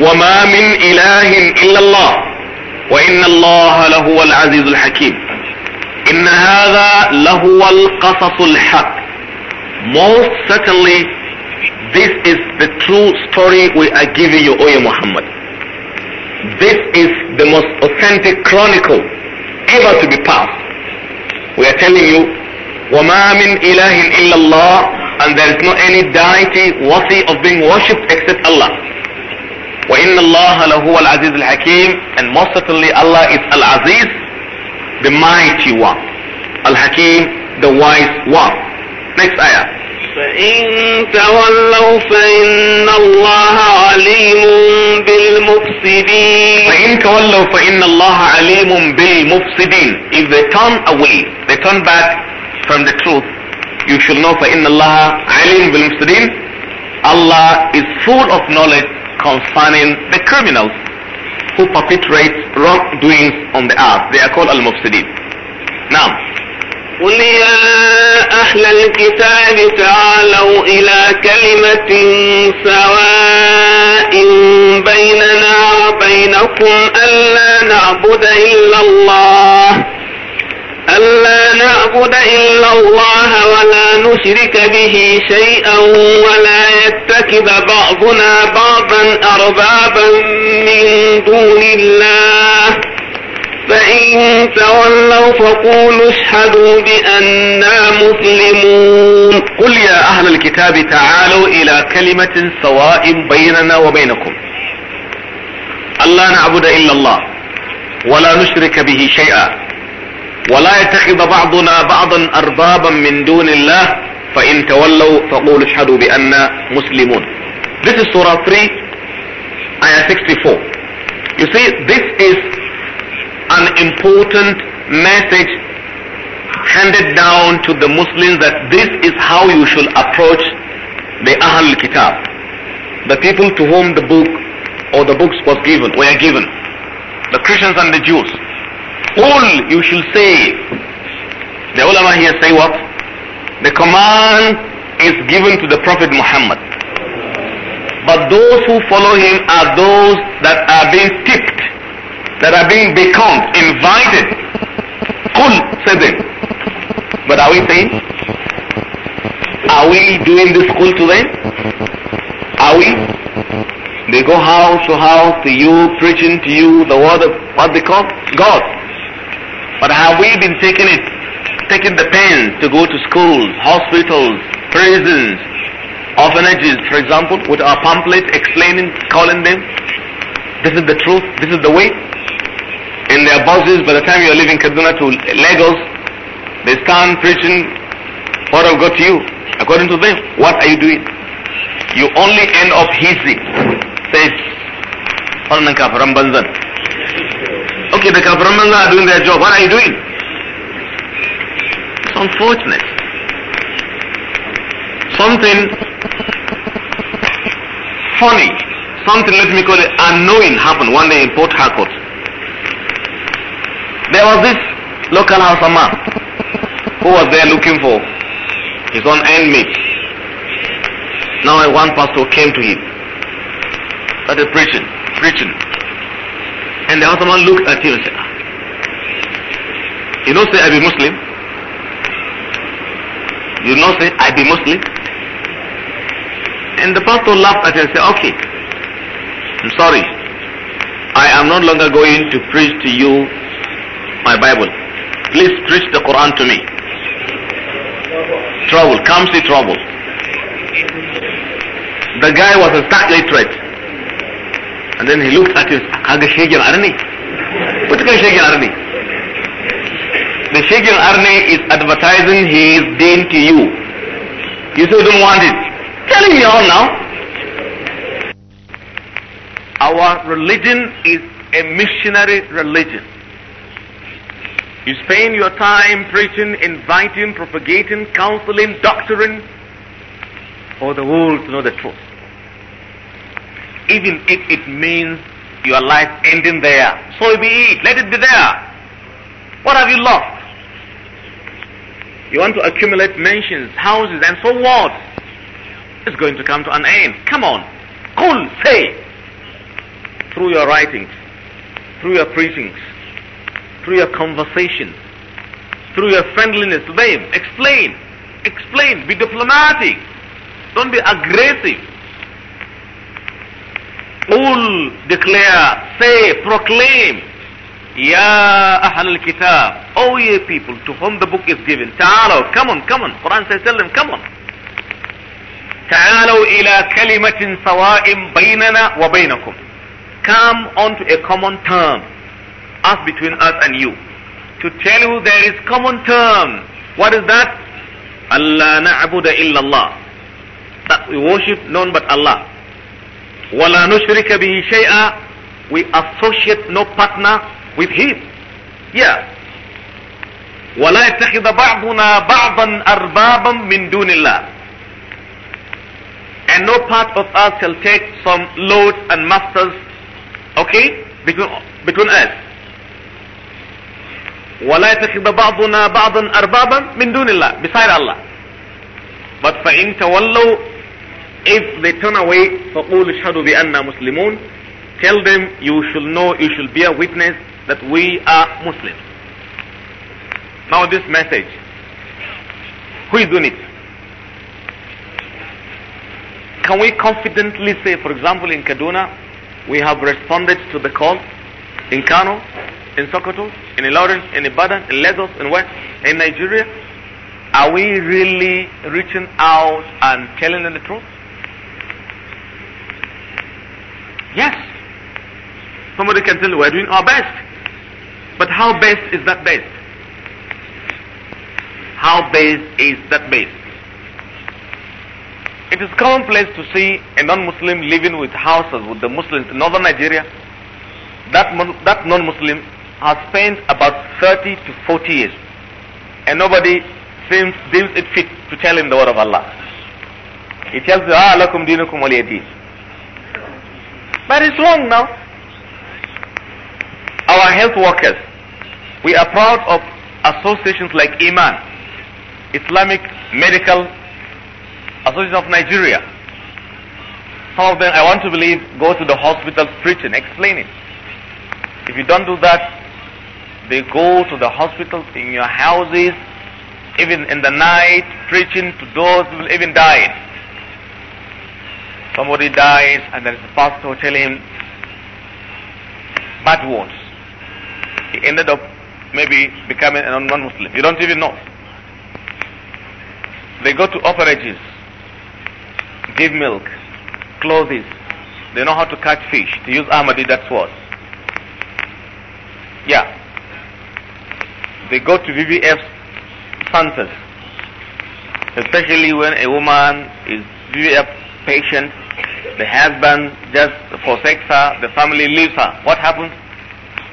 وما من إله إلا الله وإن الله لهو العزيز الحكيم إن هذا لهو القصص الحق Most certainly This is the true story we are giving you, O Muhammad. This is the most authentic chronicle ever to be passed. We are telling you, وَمَا مِنْ إِلَهٍ إِلَّا اللَّهِ And there is not any deity worthy of being worshipped except Allah. وَإِنَّ اللَّهَ لَهُوَ الْعَزِيزُ الْحَكِيمُ And most certainly Allah is Al-Aziz, the mighty one. Al-Hakim, the wise one. Next ayah. فإن تولوا فإن الله عليم بالمفسدين فإن تولوا فإن الله عليم بالمفسدين If they turn away, they turn back from the truth, you should know فإن الله عليم بالمفسدين Allah is full of knowledge concerning the criminals who perpetrate wrongdoings on the earth. They are called al-mufsidin. Now, قل يا أهل الكتاب تعالوا إلى كلمة سواء بيننا وبينكم ألا نعبد إلا الله ألا نعبد إلا الله ولا نشرك به شيئا ولا يتخذ بعضنا بعضا أربابا من دون الله فإن تولوا فقولوا اشهدوا بأننا مسلمون قل يا أهل الكتاب تعالوا إلى كلمة سواء بيننا وبينكم ألا نعبد إلا الله ولا نشرك به شيئا ولا يتخذ بعضنا بعضا أربابا من دون الله فإن تولوا فقولوا اشهدوا بأننا مسلمون This is Surah 3 Ayah 64 You see this is an important message handed down to the Muslims that this is how you should approach the Ahlul Kitab, the people to whom the book or the books was given, were given, the Christians and the Jews. All you should say, the ulama here say what? The command is given to the Prophet Muhammad. But those who follow him are those that are being tipped that are being beckoned, invited. called, said them. But are we saying? Are we doing this cool to them? Are we? They go house to house to you, preaching to you the word of what they call God. But have we been taking it, taking the pain to go to schools, hospitals, prisons, orphanages, for example, with our pamphlets explaining, calling them, this is the truth, this is the way? in their buses by the time you are leaving Kaduna to Lagos, they stand preaching what I've got to you. According to them, what are you doing? You only end up hissing. Says, Okay, the kafiran are doing their job. What are you doing? It's unfortunate. Something funny, something let me call it unknowing happened one day in Port Harcourt. There was this local Hausa man who was there looking for his own enemy. Now one pastor came to him, started preaching, preaching. And the other man looked at him and said, you know say I be Muslim? You know say I be Muslim? And the pastor laughed at him and said, okay, I'm sorry. I am no longer going to preach to you my Bible. Please preach the Quran to me. Trouble. Come see trouble. The guy was a stark literate. And then he looked at his Haga Shagir Arni. What is kind of Arni? The Shagir Arni is advertising his deen to you. You still don't want it. Telling me all now. Our religion is a missionary religion. You spend your time preaching, inviting, propagating, counseling, doctoring for the world to know the truth. Even if it means your life ending there, so be it. Let it be there. What have you lost? You want to accumulate mansions, houses, and so what? It's going to come to an end. Come on. Cool. Say. Through your writings, through your preachings, through your conversation, through your friendliness to them. Explain, explain, be diplomatic, don't be aggressive. All declare, say, proclaim, Ya Ahl al-Kitab, O ye people to whom the book is given, Ta'alaw, come on, come on. Quran says, tell them, come on. ila إلى كلمة سواء wa وبينكم. Come onto a common term us between us and you. To tell you there is common term. What is that? Allah na'budu illallah. That we worship none but Allah. Wala nushrika bihi shay'a. We associate no partner with him. Yeah. ولا يتخذ بعضنا بعضا أربابا من دون الله and no part of us shall take some lords and masters okay between between us وَلَا يَتَخِذَ بَعْضُنَا بَعْضًا أَرْبَابًا مِنْ دُونِ اللَّهِ Beside اللَّهِ But فَإِن تَوَلَّوْا If they turn away, فَقُولُ اشْهَدُوا بِأَنَّا مُسْلِمُونَ Tell them you shall know, you shall bear witness that we are Muslims. Now this message, who is doing it? Can we confidently say, for example, in Kaduna, we have responded to the call? In Kano, in Sokoto, in Lawrence, in Ibadan, in Lagos, in West, In Nigeria? Are we really reaching out and telling them the truth? Yes. Somebody can tell you we're doing our best. But how best is that best? How best is that best? It is commonplace to see a non-Muslim living with houses with the Muslims in northern Nigeria. That, that non-Muslim has spent about 30 to 40 years and nobody seems, deems it fit to tell him the word of Allah. He tells you, ah, lakum dinukum waliyadin. But it's wrong now. Our health workers, we are proud of associations like Iman, Islamic Medical Association of Nigeria. Some of them, I want to believe, go to the hospitals, preach and explain it. If you don't do that, they go to the hospitals, in your houses, even in the night, preaching to those who even died. Somebody dies and there is a pastor telling him bad words. He ended up maybe becoming a non-Muslim. You don't even know. They go to operages, give milk, clothes. They know how to catch fish, to use armadillo, that's what. Yeah they go to VVF centers, especially when a woman is VVF patient, the husband just forsakes her, the family leaves her. What happens?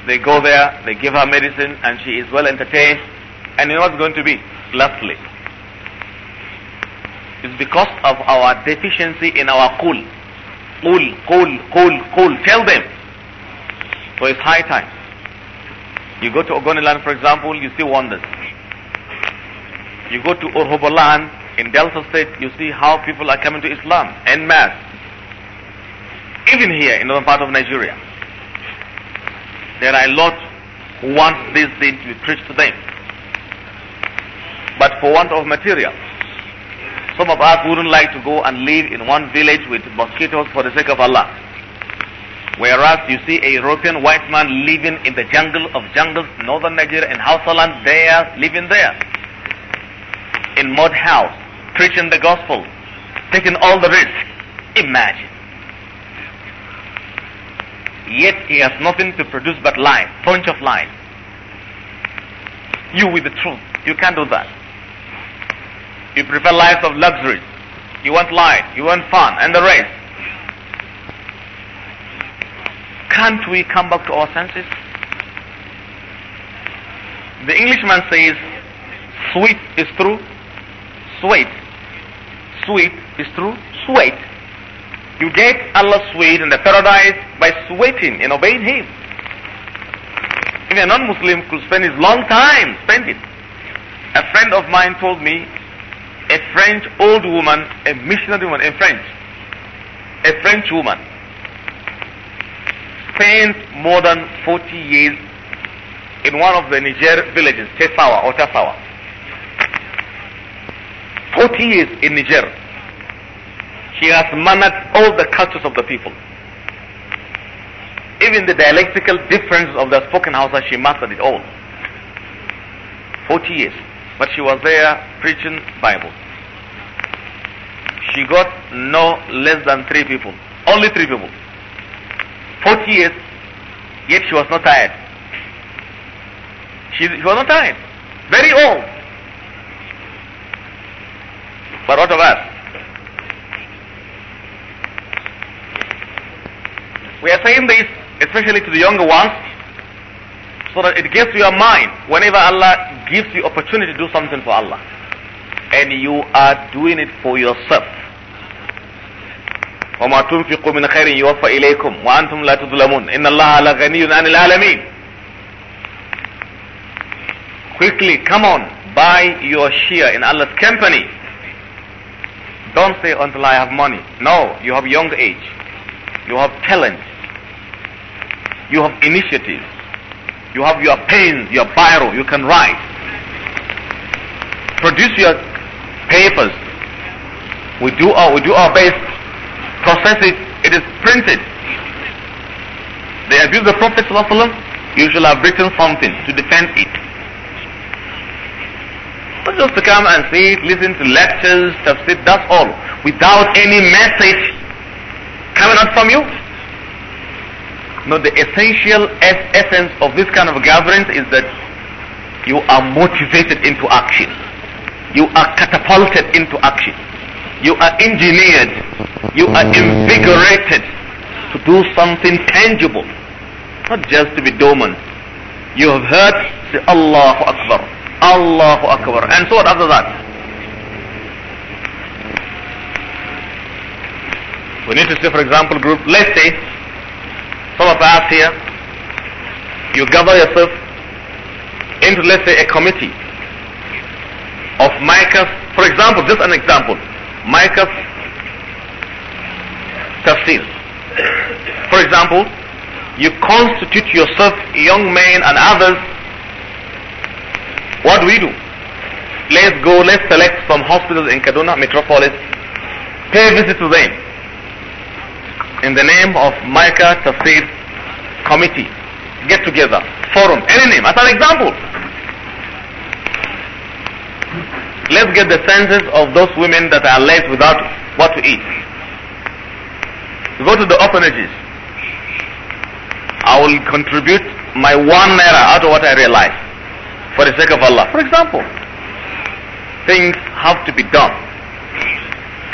They go there, they give her medicine, and she is well entertained. And you know what's going to be? Lastly, it's because of our deficiency in our cool. Cool, cool, cool, cool. Tell them. So it's high time you go to Ogoniland, for example, you see wonders. You go to Urhoboland in Delta State, you see how people are coming to Islam en mass. Even here in northern part of Nigeria, there are a lot who want this thing to be preached to them. But for want of material, some of us wouldn't like to go and live in one village with mosquitoes for the sake of Allah. Whereas you see a European white man living in the jungle of jungles, northern Nigeria and Hausa land, they are living there. In mud house, preaching the gospel, taking all the risk. Imagine. Yet he has nothing to produce but lies, bunch of lies. You with the truth, you can't do that. You prefer lives of luxury. You want life. you want fun, and the rest. Can't we come back to our senses? The Englishman says, sweet is true, sweet. Sweet is true, sweat. You get Allah's sweet in the paradise by sweating and obeying Him. Even a non-Muslim could spend his long time, spend it. A friend of mine told me, a French old woman, a missionary woman, a French, a French woman, spent more than 40 years in one of the Niger villages, Tesawa or Tesawa. 40 years in Niger. He has managed all the cultures of the people. Even the dialectical differences of the spoken Hausa, she mastered it all. 40 years. But she was there preaching Bible. She got no less than three people. Only three people. 40 years, yet she was not tired. She, she was not tired. Very old. But what of us? We are saying this especially to the younger ones so that it gets to your mind whenever Allah gives you opportunity to do something for Allah and you are doing it for yourself. وما تنفقوا من خير يوفى إليكم وأنتم لا تظلمون إن الله لغني عن العالمين Quickly, come on, buy your share in Allah's company. Don't say until I have money. No, you have young age. You have talent. You have initiative. You have your pen, your biro, you can write. Produce your papers. We do our, we do our best profess it, it is printed. They abuse the Prophet ﷺ, you shall have written something to defend it. But just to come and see it, listen to lectures, tafsir, that's all. Without any message coming out from you. No, the essential essence of this kind of gatherings is that you are motivated into action. You are catapulted into action you are engineered, you are invigorated to do something tangible, not just to be dormant. You have heard, say Allahu Akbar, Allahu Akbar, and so on after that. We need to say, for example, group, let's say, some of us here, you gather yourself into, let's say, a committee of micas. For example, just an example, Micah's tafsir. For example, you constitute yourself young men and others. What do we do? Let's go, let's select from hospitals in Kaduna, metropolis, pay visit to them in the name of Micah Tafsir Committee. Get together, forum, any name, as an example. Let's get the senses of those women that are left without what to eat. Go to the orphanages. I will contribute my one naira out of what I realize for the sake of Allah. For example, things have to be done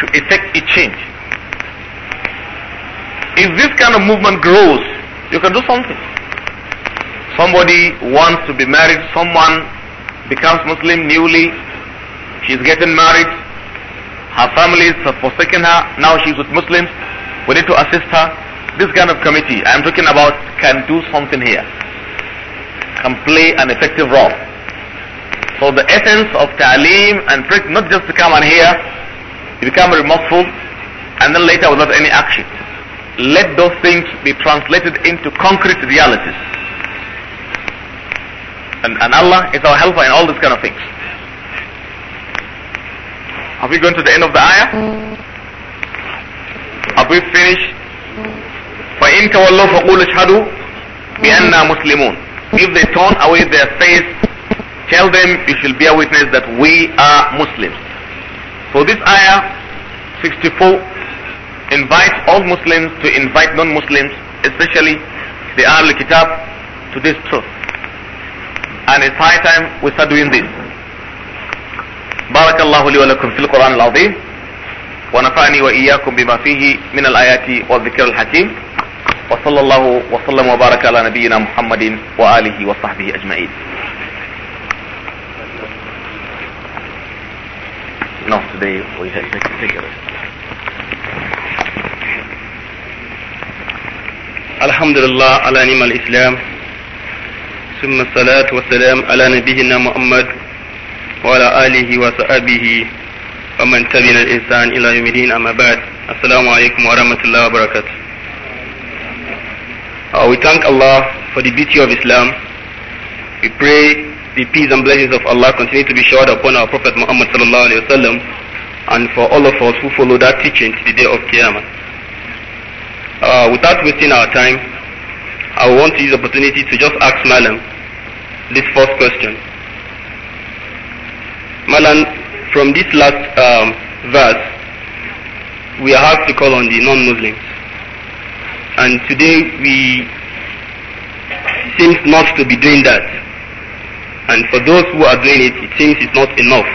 to effect a change. If this kind of movement grows, you can do something. Somebody wants to be married, someone becomes Muslim newly, She's getting married. Her family is forsaking her. Now she's with Muslims. We need to assist her. This kind of committee I'm talking about can do something here. Can play an effective role. So the essence of ta'aleem and not just to come and hear, you become remorseful, and then later without any action. Let those things be translated into concrete realities. And, and Allah is our helper in all these kind of things. Have we gone to the end of the ayah? Have we finished? فَإِن تَوَلَّوْا فَقُولُوا اشْهَدُوا If they turn away their face, tell them you shall bear witness that we are Muslims. So this ayah 64 invites all Muslims to invite non-Muslims, especially the Ahlul Kitab, to this truth. And it's high time we start doing this. بارك الله لي ولكم في القرآن العظيم ونفعني وإياكم بما فيه من الآيات والذكر الحكيم وصلى الله وسلم وبارك على نبينا محمد وآله وصحبه أجمعين No, today we have to take a rest. الحمد لله على نعم الإسلام ثم الصلاة والسلام على نبينا محمد وعلى آله وصحبه ومن الإنسان إلى يوم الدين أما بعد السلام عليكم ورحمة الله وبركاته uh, We thank Allah for the beauty of Islam We pray the peace and blessings of Allah continue to be showered upon our Prophet Muhammad sallallahu alaihi wasallam and for all of us who follow that teaching to the day of Qiyamah. Uh, without wasting our time, I want to use the opportunity to just ask Malam this first question. Malan, from this last um, verse, we have to call on the non-Muslims. And today we seems not to be doing that. And for those who are doing it, it seems it's not enough.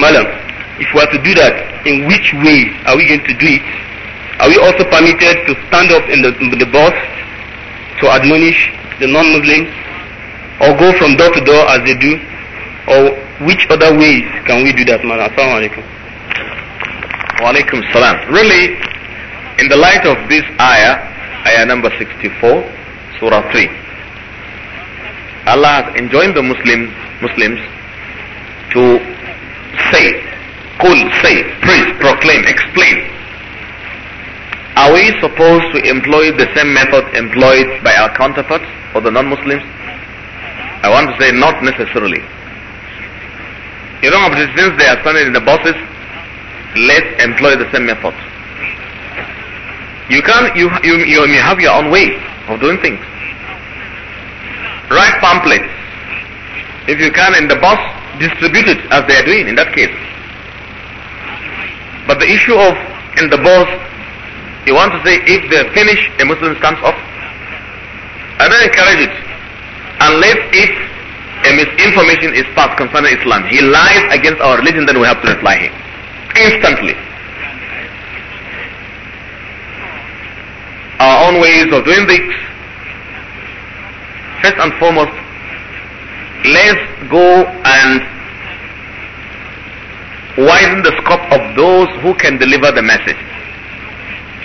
Madam, if we are to do that, in which way are we going to do it? Are we also permitted to stand up in the, in the bus to admonish the non-Muslims or go from door to door as they do? Or which other ways can we do that, man? Assalamu alaikum. Wa alaikum salam. Really, in the light of this ayah, ayah number 64, surah 3, Allah has enjoined the Muslim, Muslims to say, call, say, preach, proclaim, explain. Are we supposed to employ the same method employed by our counterparts or the non-Muslims? I want to say not necessarily. You know, since they are standing in the buses, let's employ the same method. You can, you, you, you may have your own way of doing things. Write pamphlets. If you can in the bus, distribute it as they are doing in that case. But the issue of in the bus, you want to say if they finish, a Muslim stands up. I don't encourage it. Unless it misinformation is passed concerning Islam. He lies against our religion, then we have to reply him. Instantly. Our own ways of doing things. First and foremost, let's go and widen the scope of those who can deliver the message.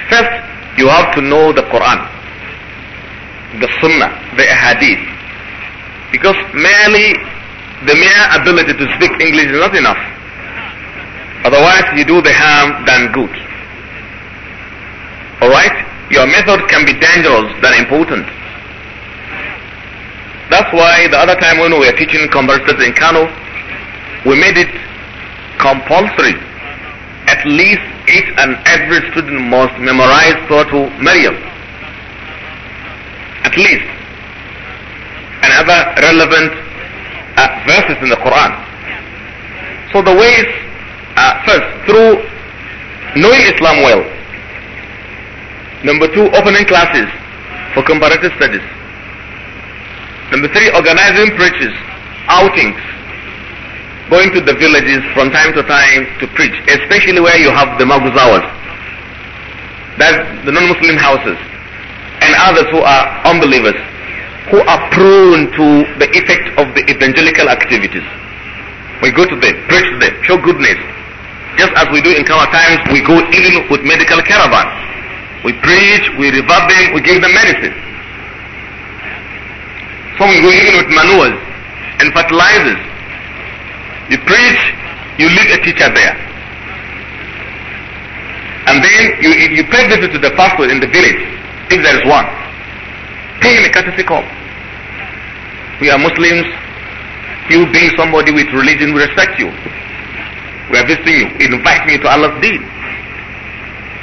First, you have to know the Quran, the Sunnah, the Hadith because merely the mere ability to speak English is not enough. Otherwise, you do the harm than good. Alright? Your method can be dangerous than important. That's why the other time when we were teaching conversational in Kano, we made it compulsory. At least each and every student must memorize Surah Maryam. At least and other relevant uh, verses in the Quran. So the ways, uh, first, through knowing Islam well. Number two, opening classes for comparative studies. Number three, organizing preachers, outings, going to the villages from time to time to preach, especially where you have the Maguzawas, that's the non-Muslim houses, and others who are unbelievers who are prone to the effect of the evangelical activities. We go to them, preach to them, show goodness. Just as we do in our times, we go even with medical caravans. We preach, we revive them, we give them medicine. Some go in with manures and fertilizers. You preach, you leave a teacher there. And then you, you pay visit to the pastor in the village, if there is one paying courtesy call. We are Muslims. You being somebody with religion, we respect you. We are visiting you. Invite me to Allah's Deen.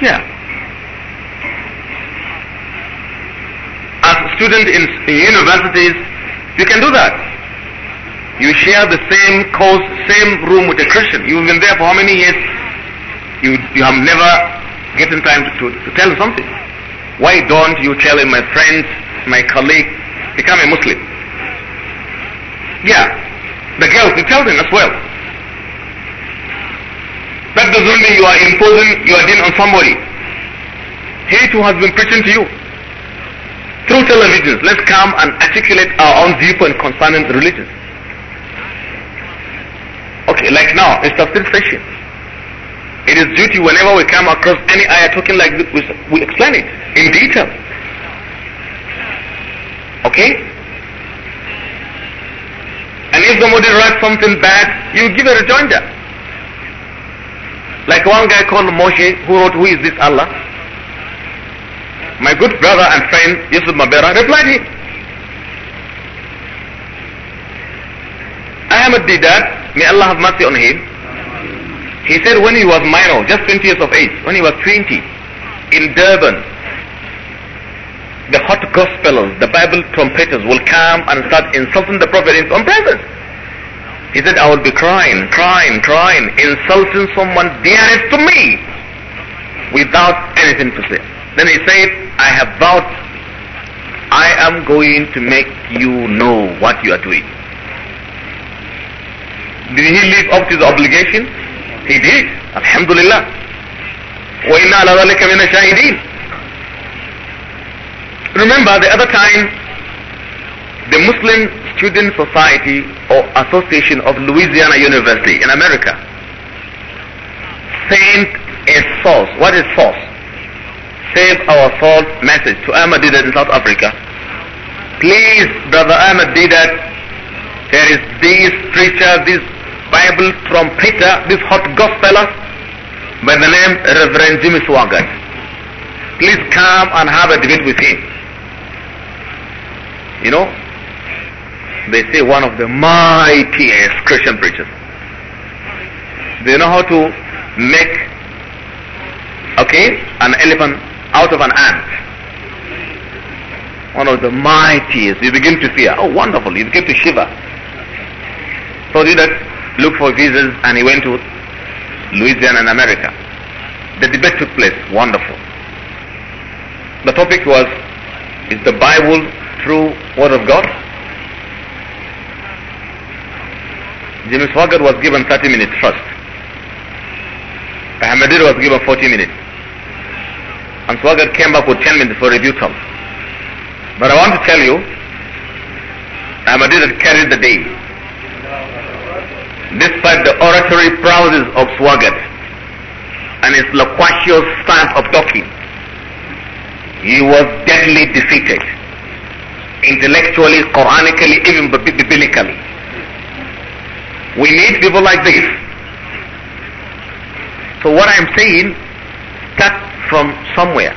Yeah. As a student in, in universities, you can do that. You share the same course, same room with a Christian. You've been there for how many years? You, you have never gotten time to, to, to tell him something. Why don't you tell him, my friend, my colleague become a Muslim. Yeah, the girls, the children as well. That doesn't mean you are imposing your deen on somebody. He too has been preaching to you. Through television, let's come and articulate our own viewpoint concerning religion. Okay, like now, in Tafsir session, it is duty whenever we come across any ayah talking like this, we explain it in detail. Okay? And if somebody writes something bad, you give a rejoinder. Like one guy called Moshe who wrote, Who is this Allah? My good brother and friend Yusuf Mabera replied him. Ahmed did that. May Allah have mercy on him. He said when he was minor, just 20 years of age, when he was 20, in Durban, the hot gospelers, the Bible trumpeters will come and start insulting the Prophet in his own presence. He said, I will be crying, crying, crying, insulting someone dearest to me without anything to say. Then he said, I have vowed, I am going to make you know what you are doing. Did he live up to the obligation? He did. Alhamdulillah. وإنا على ذلك من الشاهدين Remember the other time the Muslim Student Society or Association of Louisiana University in America sent a source. What is source? Save our false message to Ahmad Didat in South Africa. Please, brother Ahmad Didat, there is this preacher, this Bible from Peter, this hot gospeler by the name Reverend Jimmy Swaggart. Please come and have a debate with him you know, they say one of the mightiest Christian preachers. They know how to make, okay, an elephant out of an ant. One of the mightiest. You begin to fear. Oh, wonderful. You begin to shiver. So did that look for Jesus and he went to Louisiana and America. The debate took place. Wonderful. The topic was, is the Bible through Word of God? Jimmy Swaggart was given 30 minutes first. Ahmedir was given 40 minutes. And Swaggart came back with 10 minutes for rebuttal. But I want to tell you, Ahmedir carried the day. Despite the oratory prowess of Swaggart and his loquacious style of talking, he was deadly defeated intellectually, Quranically, even biblically. We need people like this. So what I'm saying, start from somewhere.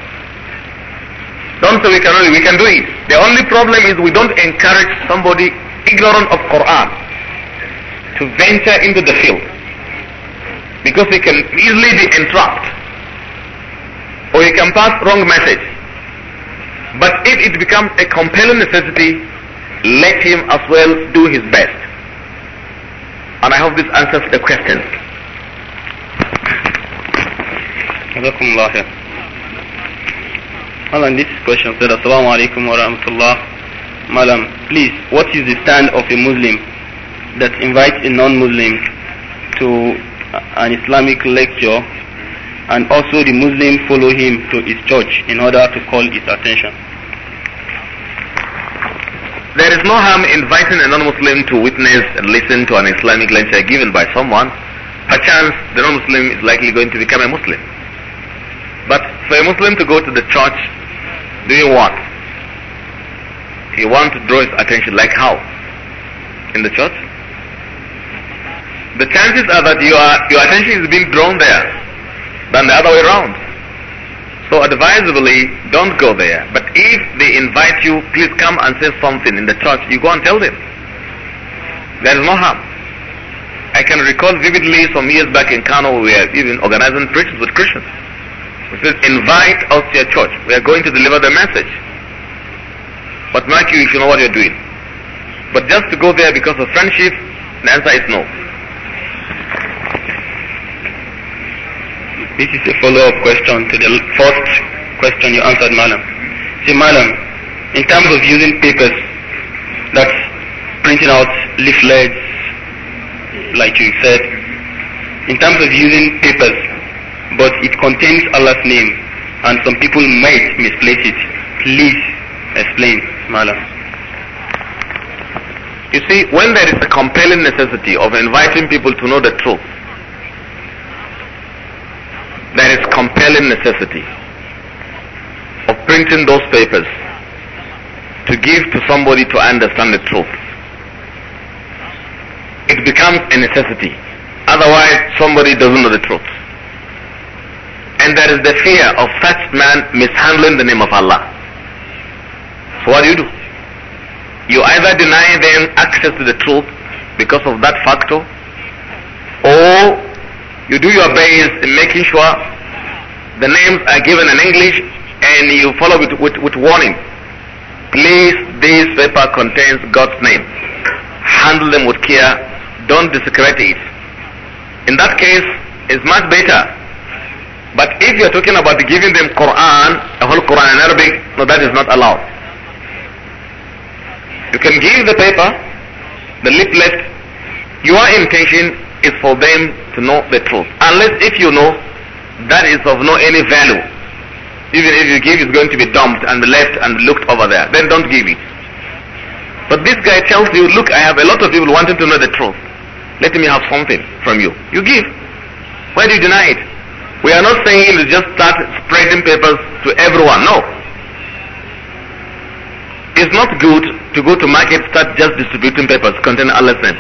Don't say we can only, we can do it. The only problem is we don't encourage somebody ignorant of Quran to venture into the field. Because he can easily be entrapped. Or he can pass wrong message. But if it becomes a compelling necessity, let him as well do his best. And I hope this answers the question. Well, and this question said, Assalamu alaikum wa rahmatullah. Madam, please, what is the stand of a Muslim that invites a non-Muslim to an Islamic lecture and also the Muslims follow him to his church in order to call his attention. There is no harm inviting a non-Muslim to witness and listen to an Islamic lecture given by someone. Perchance the non-Muslim is likely going to become a Muslim. But for a Muslim to go to the church, do you want? He wants to draw his attention, like how? In the church? The chances are that your, your attention is being drawn there than the other way around. So advisably, don't go there. But if they invite you, please come and say something in the church. You go and tell them. There is no harm. I can recall vividly some years back in Kano, we were even organizing preachers with Christians. We said, invite us to your church. We are going to deliver the message. But mark you, you should know what you're doing. But just to go there because of friendship, the answer is no. This is a follow-up question to the first question you answered, madam. See, madam, in terms of using papers, that's printing out leaflets, like you said, in terms of using papers, but it contains Allah's name, and some people might misplace it. Please explain, madam. You see, when there is a compelling necessity of inviting people to know the truth, there is compelling necessity of printing those papers to give to somebody to understand the truth. It becomes a necessity. Otherwise, somebody doesn't know the truth. And there is the fear of such man mishandling the name of Allah. So what do you do? You either deny them access to the truth because of that factor, or you do your best in making sure the names are given in English and you follow it with, with warning. Please, this paper contains God's name. Handle them with care. Don't discredit it. In that case, it's much better. But if you're talking about giving them Quran, a whole Quran in Arabic, no, that is not allowed. You can give the paper, the leaflet, your intention is for them to know the truth. Unless if you know, that is of no any value. Even if you give, it's going to be dumped and left and looked over there. Then don't give it. But this guy tells you, look, I have a lot of people wanting to know the truth. Let me have something from you. You give. Why do you deny it? We are not saying to just start spreading papers to everyone. No. It's not good to go to market, start just distributing papers containing Allah's name.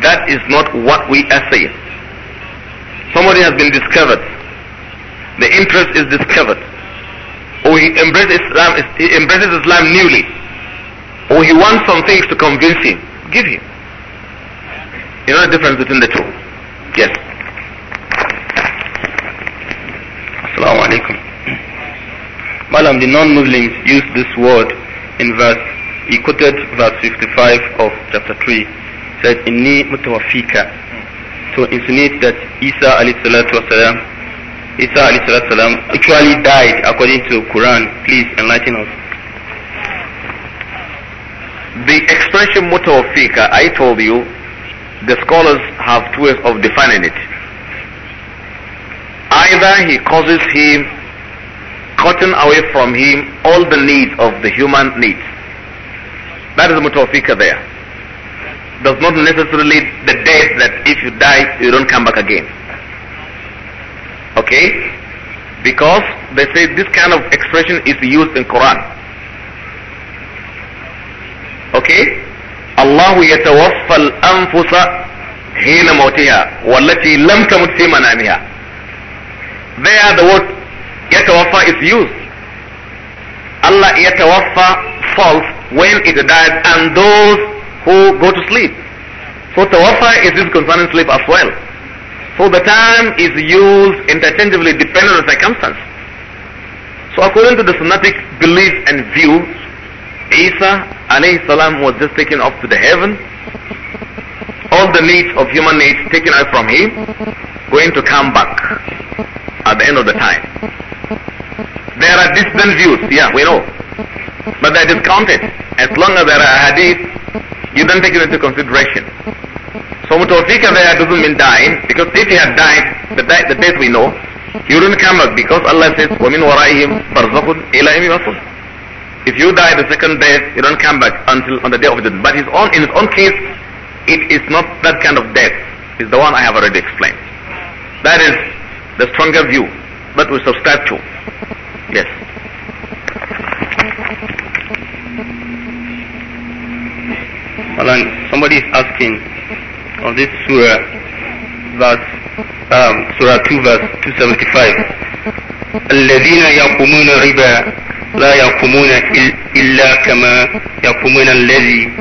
That is not what we saying. Somebody has been discovered. The interest is discovered. Or he embraces Islam, he embraces Islam newly. Or he wants some things to convince him. Give him. You know the difference between the two. Yes. Assalamu alaikum. Madam, the non-Muslims use this word in verse, he quoted verse 55 of chapter 3 that inni So it insinuate that Isa alayhi salatu wasalam Isa alayhi salatu wasalam actually died according to Quran please enlighten us the expression mutawafika, I told you the scholars have two ways of defining it either he causes him cutting away from him all the needs of the human needs that is mutawafika there does not necessarily the death that if you die you don't come back again. Okay? Because they say this kind of expression is used in Quran. Okay? الله يتوفى الأنفس حين موتها والتي لم تمت في منامها. There the word يتوفى is used. Allah يتوفى falls when it dies and those who go to sleep. So tawafa is this concerning sleep as well. So the time is used interchangeably depending on the circumstance. So according to the Sunnatic belief and view, Isa alayhi salam was just taken up to the heaven. All the needs of human needs taken out from him, going to come back at the end of the time. There are distant views, yeah, we know. But they're discounted. As long as there are hadith you don't take it into consideration. So Mutawafika there doesn't mean dying, because if he had died, the, di- the death we know, he wouldn't come back, because Allah says, وَمِنْ وَرَائِهِمْ بَرْزَقٌ إِلَى If you die the second death, you don't come back until on the day of judgment. But his own, in his own case, it is not that kind of death. It's the one I have already explained. That is the stronger view that we subscribe to. Yes. Alan, somebody is asking on this surah, verse, um, surah 2, verse 275. الذين يقومون ربا لا يقومون إلا كما يقومون الذي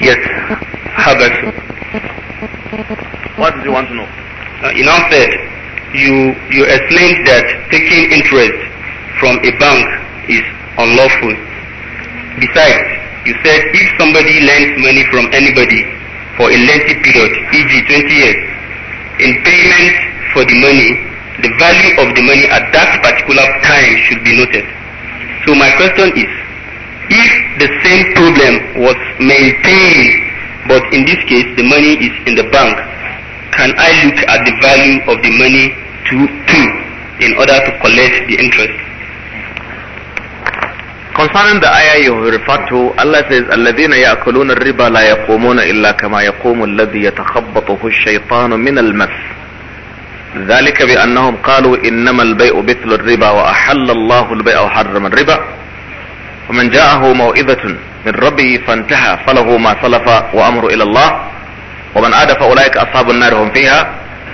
يتحبس What do you want to know? Uh, in answer, you, you explained that taking interest from a bank is unlawful. Besides, you said if somebody lends money from anybody for a lengthy period, e.g. 20 years, in payment for the money, the value of the money at that particular time should be noted. So my question is, if the same problem was maintained, but in this case the money is in the bank, can I look at the value of the money to, two in order to collect the interest? concerning the ayah you refer to, Allah says, الَّذِينَ يَأْكُلُونَ الربا لَا يَقُومُونَ إِلَّا كَمَا يَقُومُ الَّذِي يَتَخَبَّطُهُ الشَّيْطَانُ مِنَ الْمَسِّ ذلك بأنهم قالوا إنما البيع مثل الربا وأحل الله البيع وحرم الربا ومن جاءه موئذة من ربه فانتهى فله ما سلف وأمر إلى الله ومن عاد فأولئك أصحاب النار هم فيها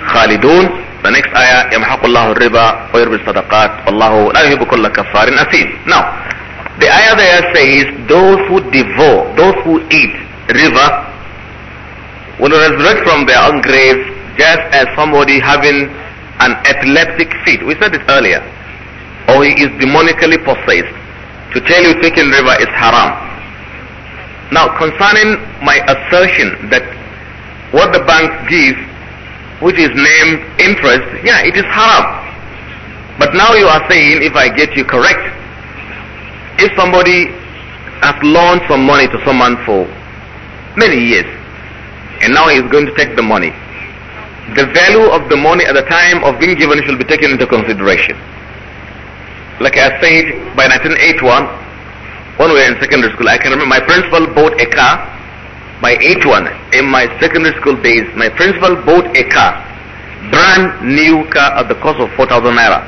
خالدون The next ayah يمحق الله الربا ويربي الصدقات والله لا يحب كل كفار أثيم Now The ayah there says, those who devour, those who eat river, will resurrect from their own graves just as somebody having an epileptic fit. We said this earlier. Or he is demonically possessed. To tell you taking river is haram. Now concerning my assertion that what the bank gives, which is named interest, yeah, it is haram. But now you are saying if I get you correct, if somebody has loaned some money to someone for many years and now he is going to take the money, the value of the money at the time of being given should be taken into consideration. Like I said, by 1981, when we were in secondary school, I can remember my principal bought a car by 81. In my secondary school days, my principal bought a car, brand new car at the cost of 4,000 naira.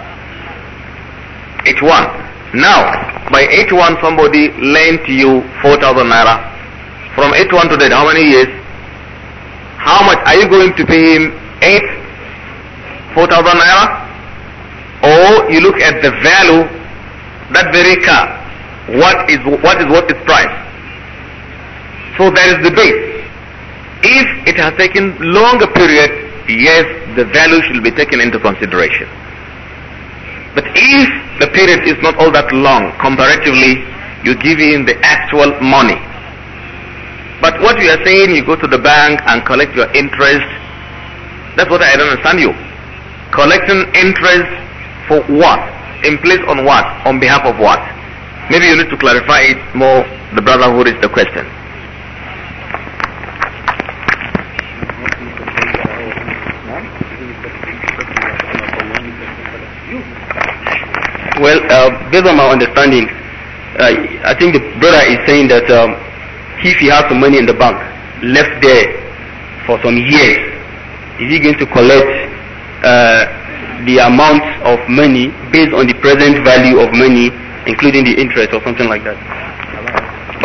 81. Now, by 81 somebody lent you 4,000 naira. From 81 to date, how many years? How much are you going to pay him? 8? 4,000 naira? Or you look at the value, that very car, what is, what is worth its price? So that is the base. If it has taken longer period, yes, the value should be taken into consideration. But if the period is not all that long, comparatively, you give in the actual money. But what you are saying, you go to the bank and collect your interest. That's what I don't understand you. Collecting interest for what? In place on what? On behalf of what? Maybe you need to clarify it more. The brotherhood is the question. Well, uh, based on my understanding, uh, I think the brother is saying that um, if he has some money in the bank left there for some years, is he going to collect uh, the amount of money based on the present value of money, including the interest or something like that?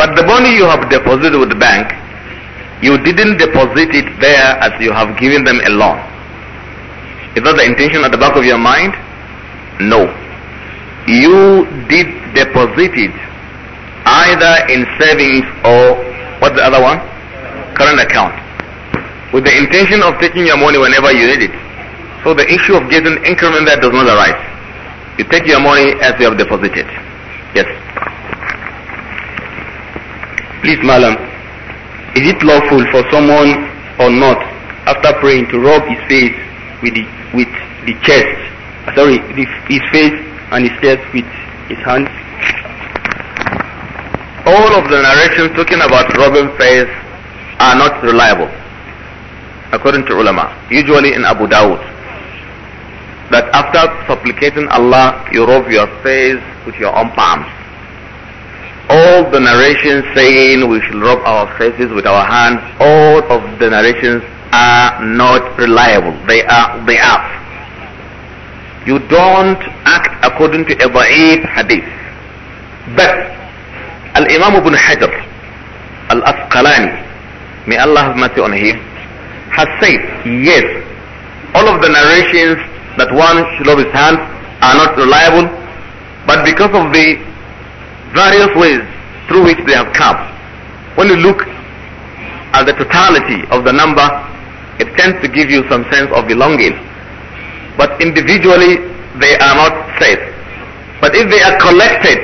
But the money you have deposited with the bank, you didn't deposit it there as you have given them a loan. Is that the intention at the back of your mind? No you did deposit it either in savings or what's the other one? Current account. With the intention of taking your money whenever you need it. So the issue of getting increment that does not arise. You take your money as you have deposited. Yes. Please, madam, is it lawful for someone or not after praying to rub his face with the, with the chest, sorry, the, his face and he says with his hands. All of the narrations talking about robbing faith are not reliable, according to ulama, usually in Abu Dawud. That after supplicating Allah, you rub your face with your own palms. All the narrations saying we should rub our faces with our hands, all of the narrations are not reliable. They are, they are you don't act according to a hadith. But imam ibn Hajar Al-Asqalani, may Allah have mercy on him, has said, yes, all of the narrations that one should love his hand are not reliable, but because of the various ways through which they have come, when you look at the totality of the number, it tends to give you some sense of belonging but individually they are not safe. But if they are collected,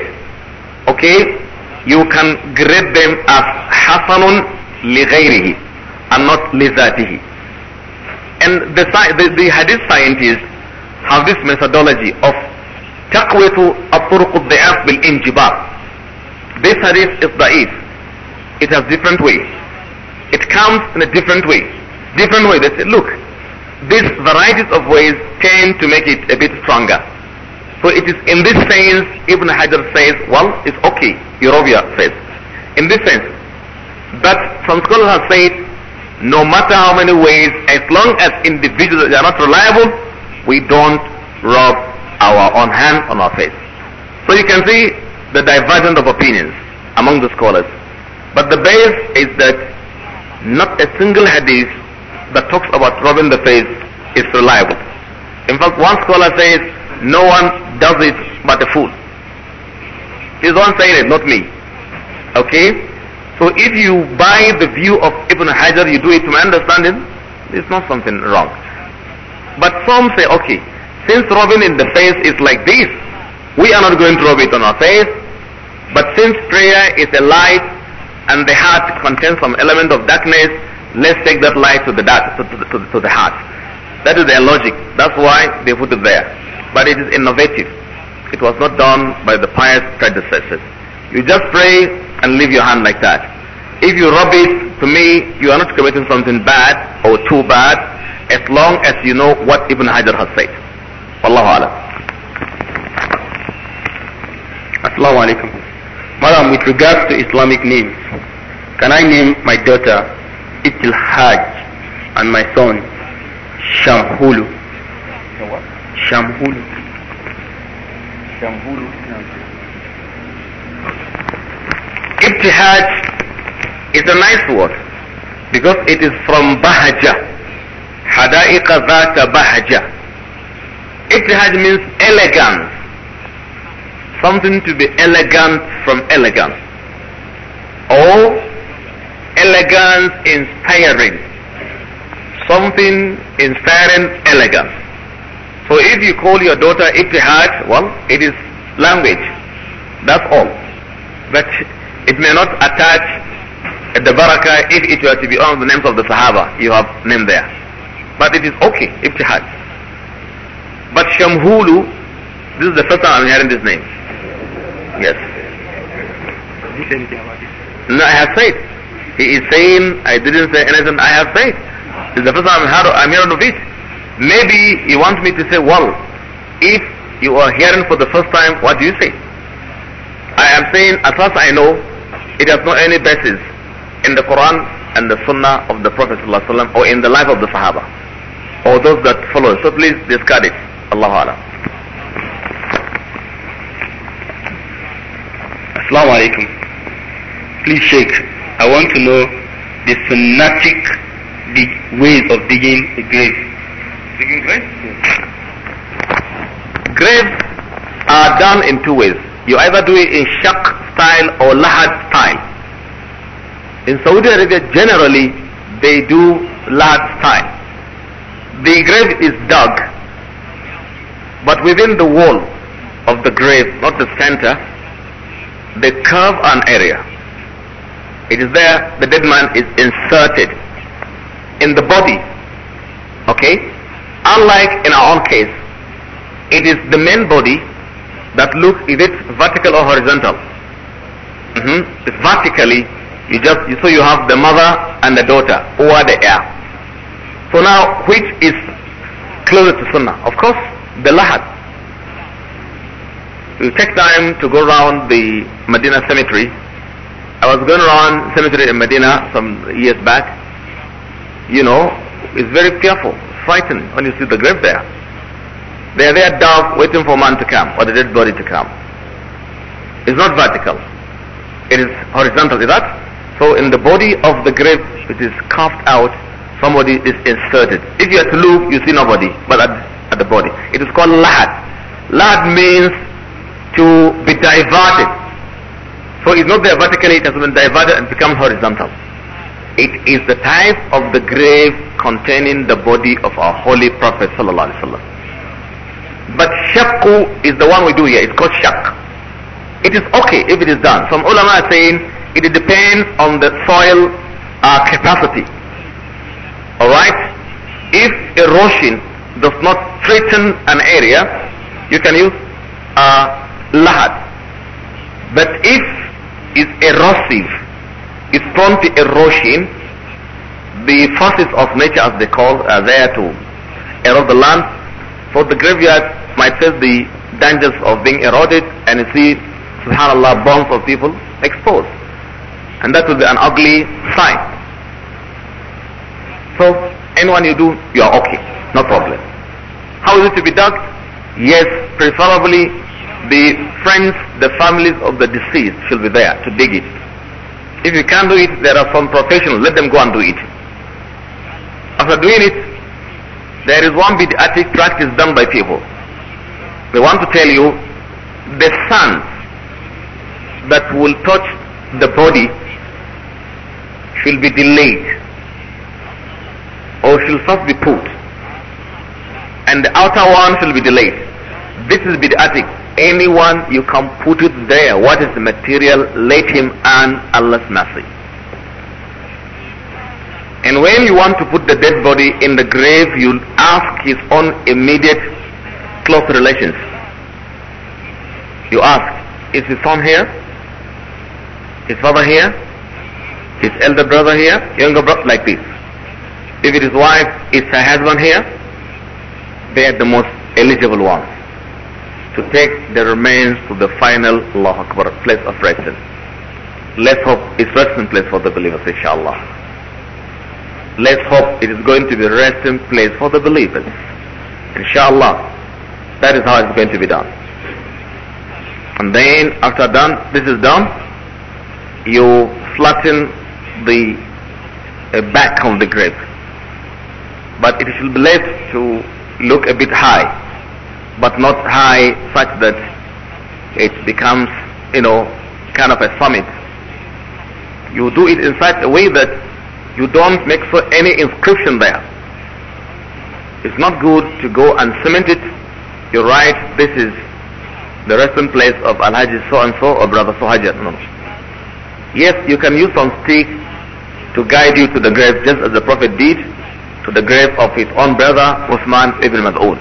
okay, you can grade them as hasanun لغيره and not لذاته. And the, the, the hadith scientists have this methodology of تقوية الطرق الضعاف بالانجبار. This hadith is da'if. It has different ways. It comes in a different way. Different way. They say, look, these varieties of ways tend to make it a bit stronger. So it is in this sense, Ibn Hajar says, well, it's okay, Eurovia says. In this sense, but some scholars have said, no matter how many ways, as long as individuals are not reliable, we don't rub our own hand on our face. So you can see the divergence of opinions among the scholars. But the base is that not a single hadith that talks about robbing the face is reliable. In fact, one scholar says, no one does it but a fool. He's the one saying it, not me. Okay? So if you buy the view of Ibn Hajar, you do it to my understanding, it's not something wrong. But some say, okay, since robbing in the face is like this, we are not going to rob it on our face. But since prayer is a light and the heart contains some element of darkness, Let's take that light to the, to, to the heart. That is their logic. That's why they put it there. But it is innovative. It was not done by the pious predecessors. You just pray and leave your hand like that. If you rub it, to me, you are not committing something bad or too bad as long as you know what Ibn Hajar has said. Wallahu alam. Assalamu alaikum. Madam, with regards to Islamic names, can I name my daughter Itil Hajj and my son Shamhulu. Shamhulu. Shamhulu. Ibtihaj is a nice word because it is from Bahaja. Hada'iqa Zata Bahaja. Ibtihaj means elegance. Something to be elegant from elegance. Or elegance inspiring. Something inspiring elegance. So if you call your daughter Ibtihaj, well, it is language. That's all. But it may not attach the barakah if it were to be on the names of the Sahaba you have named there. But it is okay, Ibtihaj. But Shamhulu, this is the first time I'm hearing this name. Yes. No, I have said he is saying, I didn't say anything, I have faith. It's the first time i heard, I'm hearing of it. Maybe he wants me to say, well, if you are hearing for the first time, what do you say? I am saying, as far as I know, it has no any basis in the Quran and the Sunnah of the Prophet ﷺ or in the life of the Sahaba or those that follow. So please discard it. Allahu Alam. Assalamu alaikum. Please, shake. I want to know the fanatic dig- ways of digging a grave. Digging grave? Yes. Graves are done in two ways. You either do it in shak style or lahad style. In Saudi Arabia, generally, they do lahad style. The grave is dug, but within the wall of the grave, not the center, they carve an area it is there, the dead man is inserted in the body. Okay? Unlike in our own case, it is the main body that looks, is it vertical or horizontal? Mm -hmm. Vertically, you just, so you have the mother and the daughter over the air. So now, which is closer to Sunnah? Of course, the Lahad. We take time to go around the Medina cemetery I was going around cemetery in Medina some years back. You know, it's very fearful, frightened when you see the grave there. They are there dark, waiting for man to come or the dead body to come. It's not vertical. It is horizontal, is that? So in the body of the grave, it is carved out. Somebody is inserted. If you are to look, you see nobody, but at, at the body. It is called lahad. Lahad means to be diverted so it's not there vertically, it has been divided and become horizontal. It is the type of the grave containing the body of our holy Prophet sallallahu alaihi wasallam. But shakku is the one we do here. It's called shak. It is okay if it is done. Some ulama are saying it depends on the soil uh, capacity. Alright? If erosion does not threaten an area, you can use uh, lahad. But if is erosive, is prone to erosion. The forces of nature, as they call, are there to erode the land. So the graveyard might face the dangers of being eroded, and you see, subhanallah, bones of people exposed. And that would be an ugly sight. So, anyone you do, you are okay, no problem. How is it to be done? Yes, preferably the friends, the families of the deceased shall be there to dig it. If you can't do it, there are some professionals, let them go and do it. After doing it, there is one bid'atic practice done by people. They want to tell you the sun that will touch the body should be delayed or should first be put and the outer one should be delayed. This is bid'atic anyone you can put it there what is the material let him earn Allah's mercy and when you want to put the dead body in the grave you ask his own immediate close relations you ask is his son here his father here his elder brother here younger brother like this if it is wife is her husband here they are the most eligible ones to take the remains to the final Allah Akbar place of resting. Let's hope it's resting place for the believers, inshallah. Let's hope it is going to be resting place for the believers. Inshallah. That is how it's going to be done. And then after done, this is done, you flatten the uh, back of the grave. But it should be left to look a bit high but not high such that it becomes, you know, kind of a summit. You do it in such a way that you don't make so any inscription there. It's not good to go and cement it. You write, this is the resting place of al Hajj so so-and-so or Brother and No. Yes, you can use some stick to guide you to the grave just as the Prophet did to the grave of his own brother Uthman ibn Mas'ud.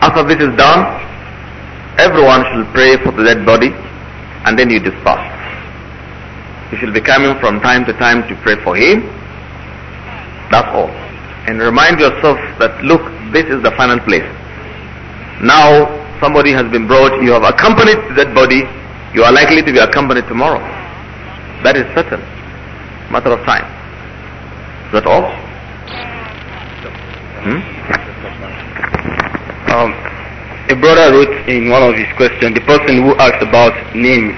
After this is done, everyone shall pray for the dead body and then you disperse. You shall be coming from time to time to pray for him. That's all. And remind yourself that look, this is the final place. Now somebody has been brought, you have accompanied the dead body, you are likely to be accompanied tomorrow. That is certain. Matter of time. Is that all? Hmm? Um, a brother wrote in one of his questions, the person who asked about names,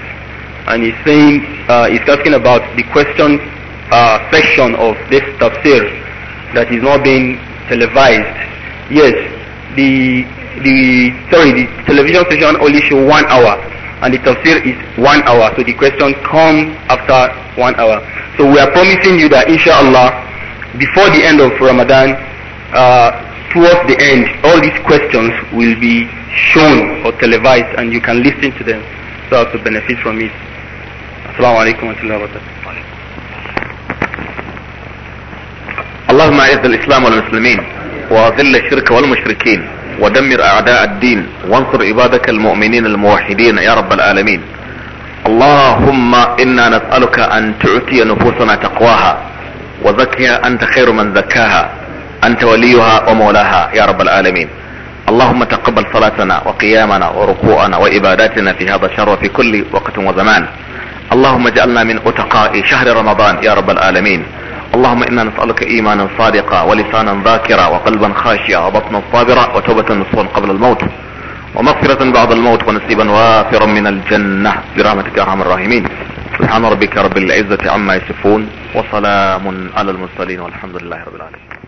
and he's saying, uh, he's asking about the question uh, section of this tafsir that is not being televised. Yes, the the sorry, the television station only show one hour, and the tafsir is one hour. So the question come after one hour. So we are promising you that inshallah, before the end of Ramadan, uh, towards the end, all these questions will be shown or televised and you can listen to them so as to benefit from it. السلام عليكم ورحمة الله وبركاته. اللهم اعز الاسلام والمسلمين واذل الشرك والمشركين ودمر اعداء الدين وانصر عبادك المؤمنين الموحدين يا رب العالمين. اللهم انا نسألك ان تعطي نفوسنا تقواها وزكيها انت خير من زكاها أنت وليها ومولاها يا رب العالمين اللهم تقبل صلاتنا وقيامنا وركوعنا وإباداتنا في هذا الشهر وفي كل وقت وزمان اللهم اجعلنا من أتقاء شهر رمضان يا رب العالمين اللهم إنا نسألك إيمانا صادقا ولسانا ذاكرا وقلبا خاشعا وبطنا صابرا وتوبة نصفا قبل الموت ومغفرة بعد الموت ونصيبا وافرا من الجنة برحمتك يا أرحم الراحمين سبحان ربك رب العزة عما يصفون وسلام على المرسلين والحمد لله رب العالمين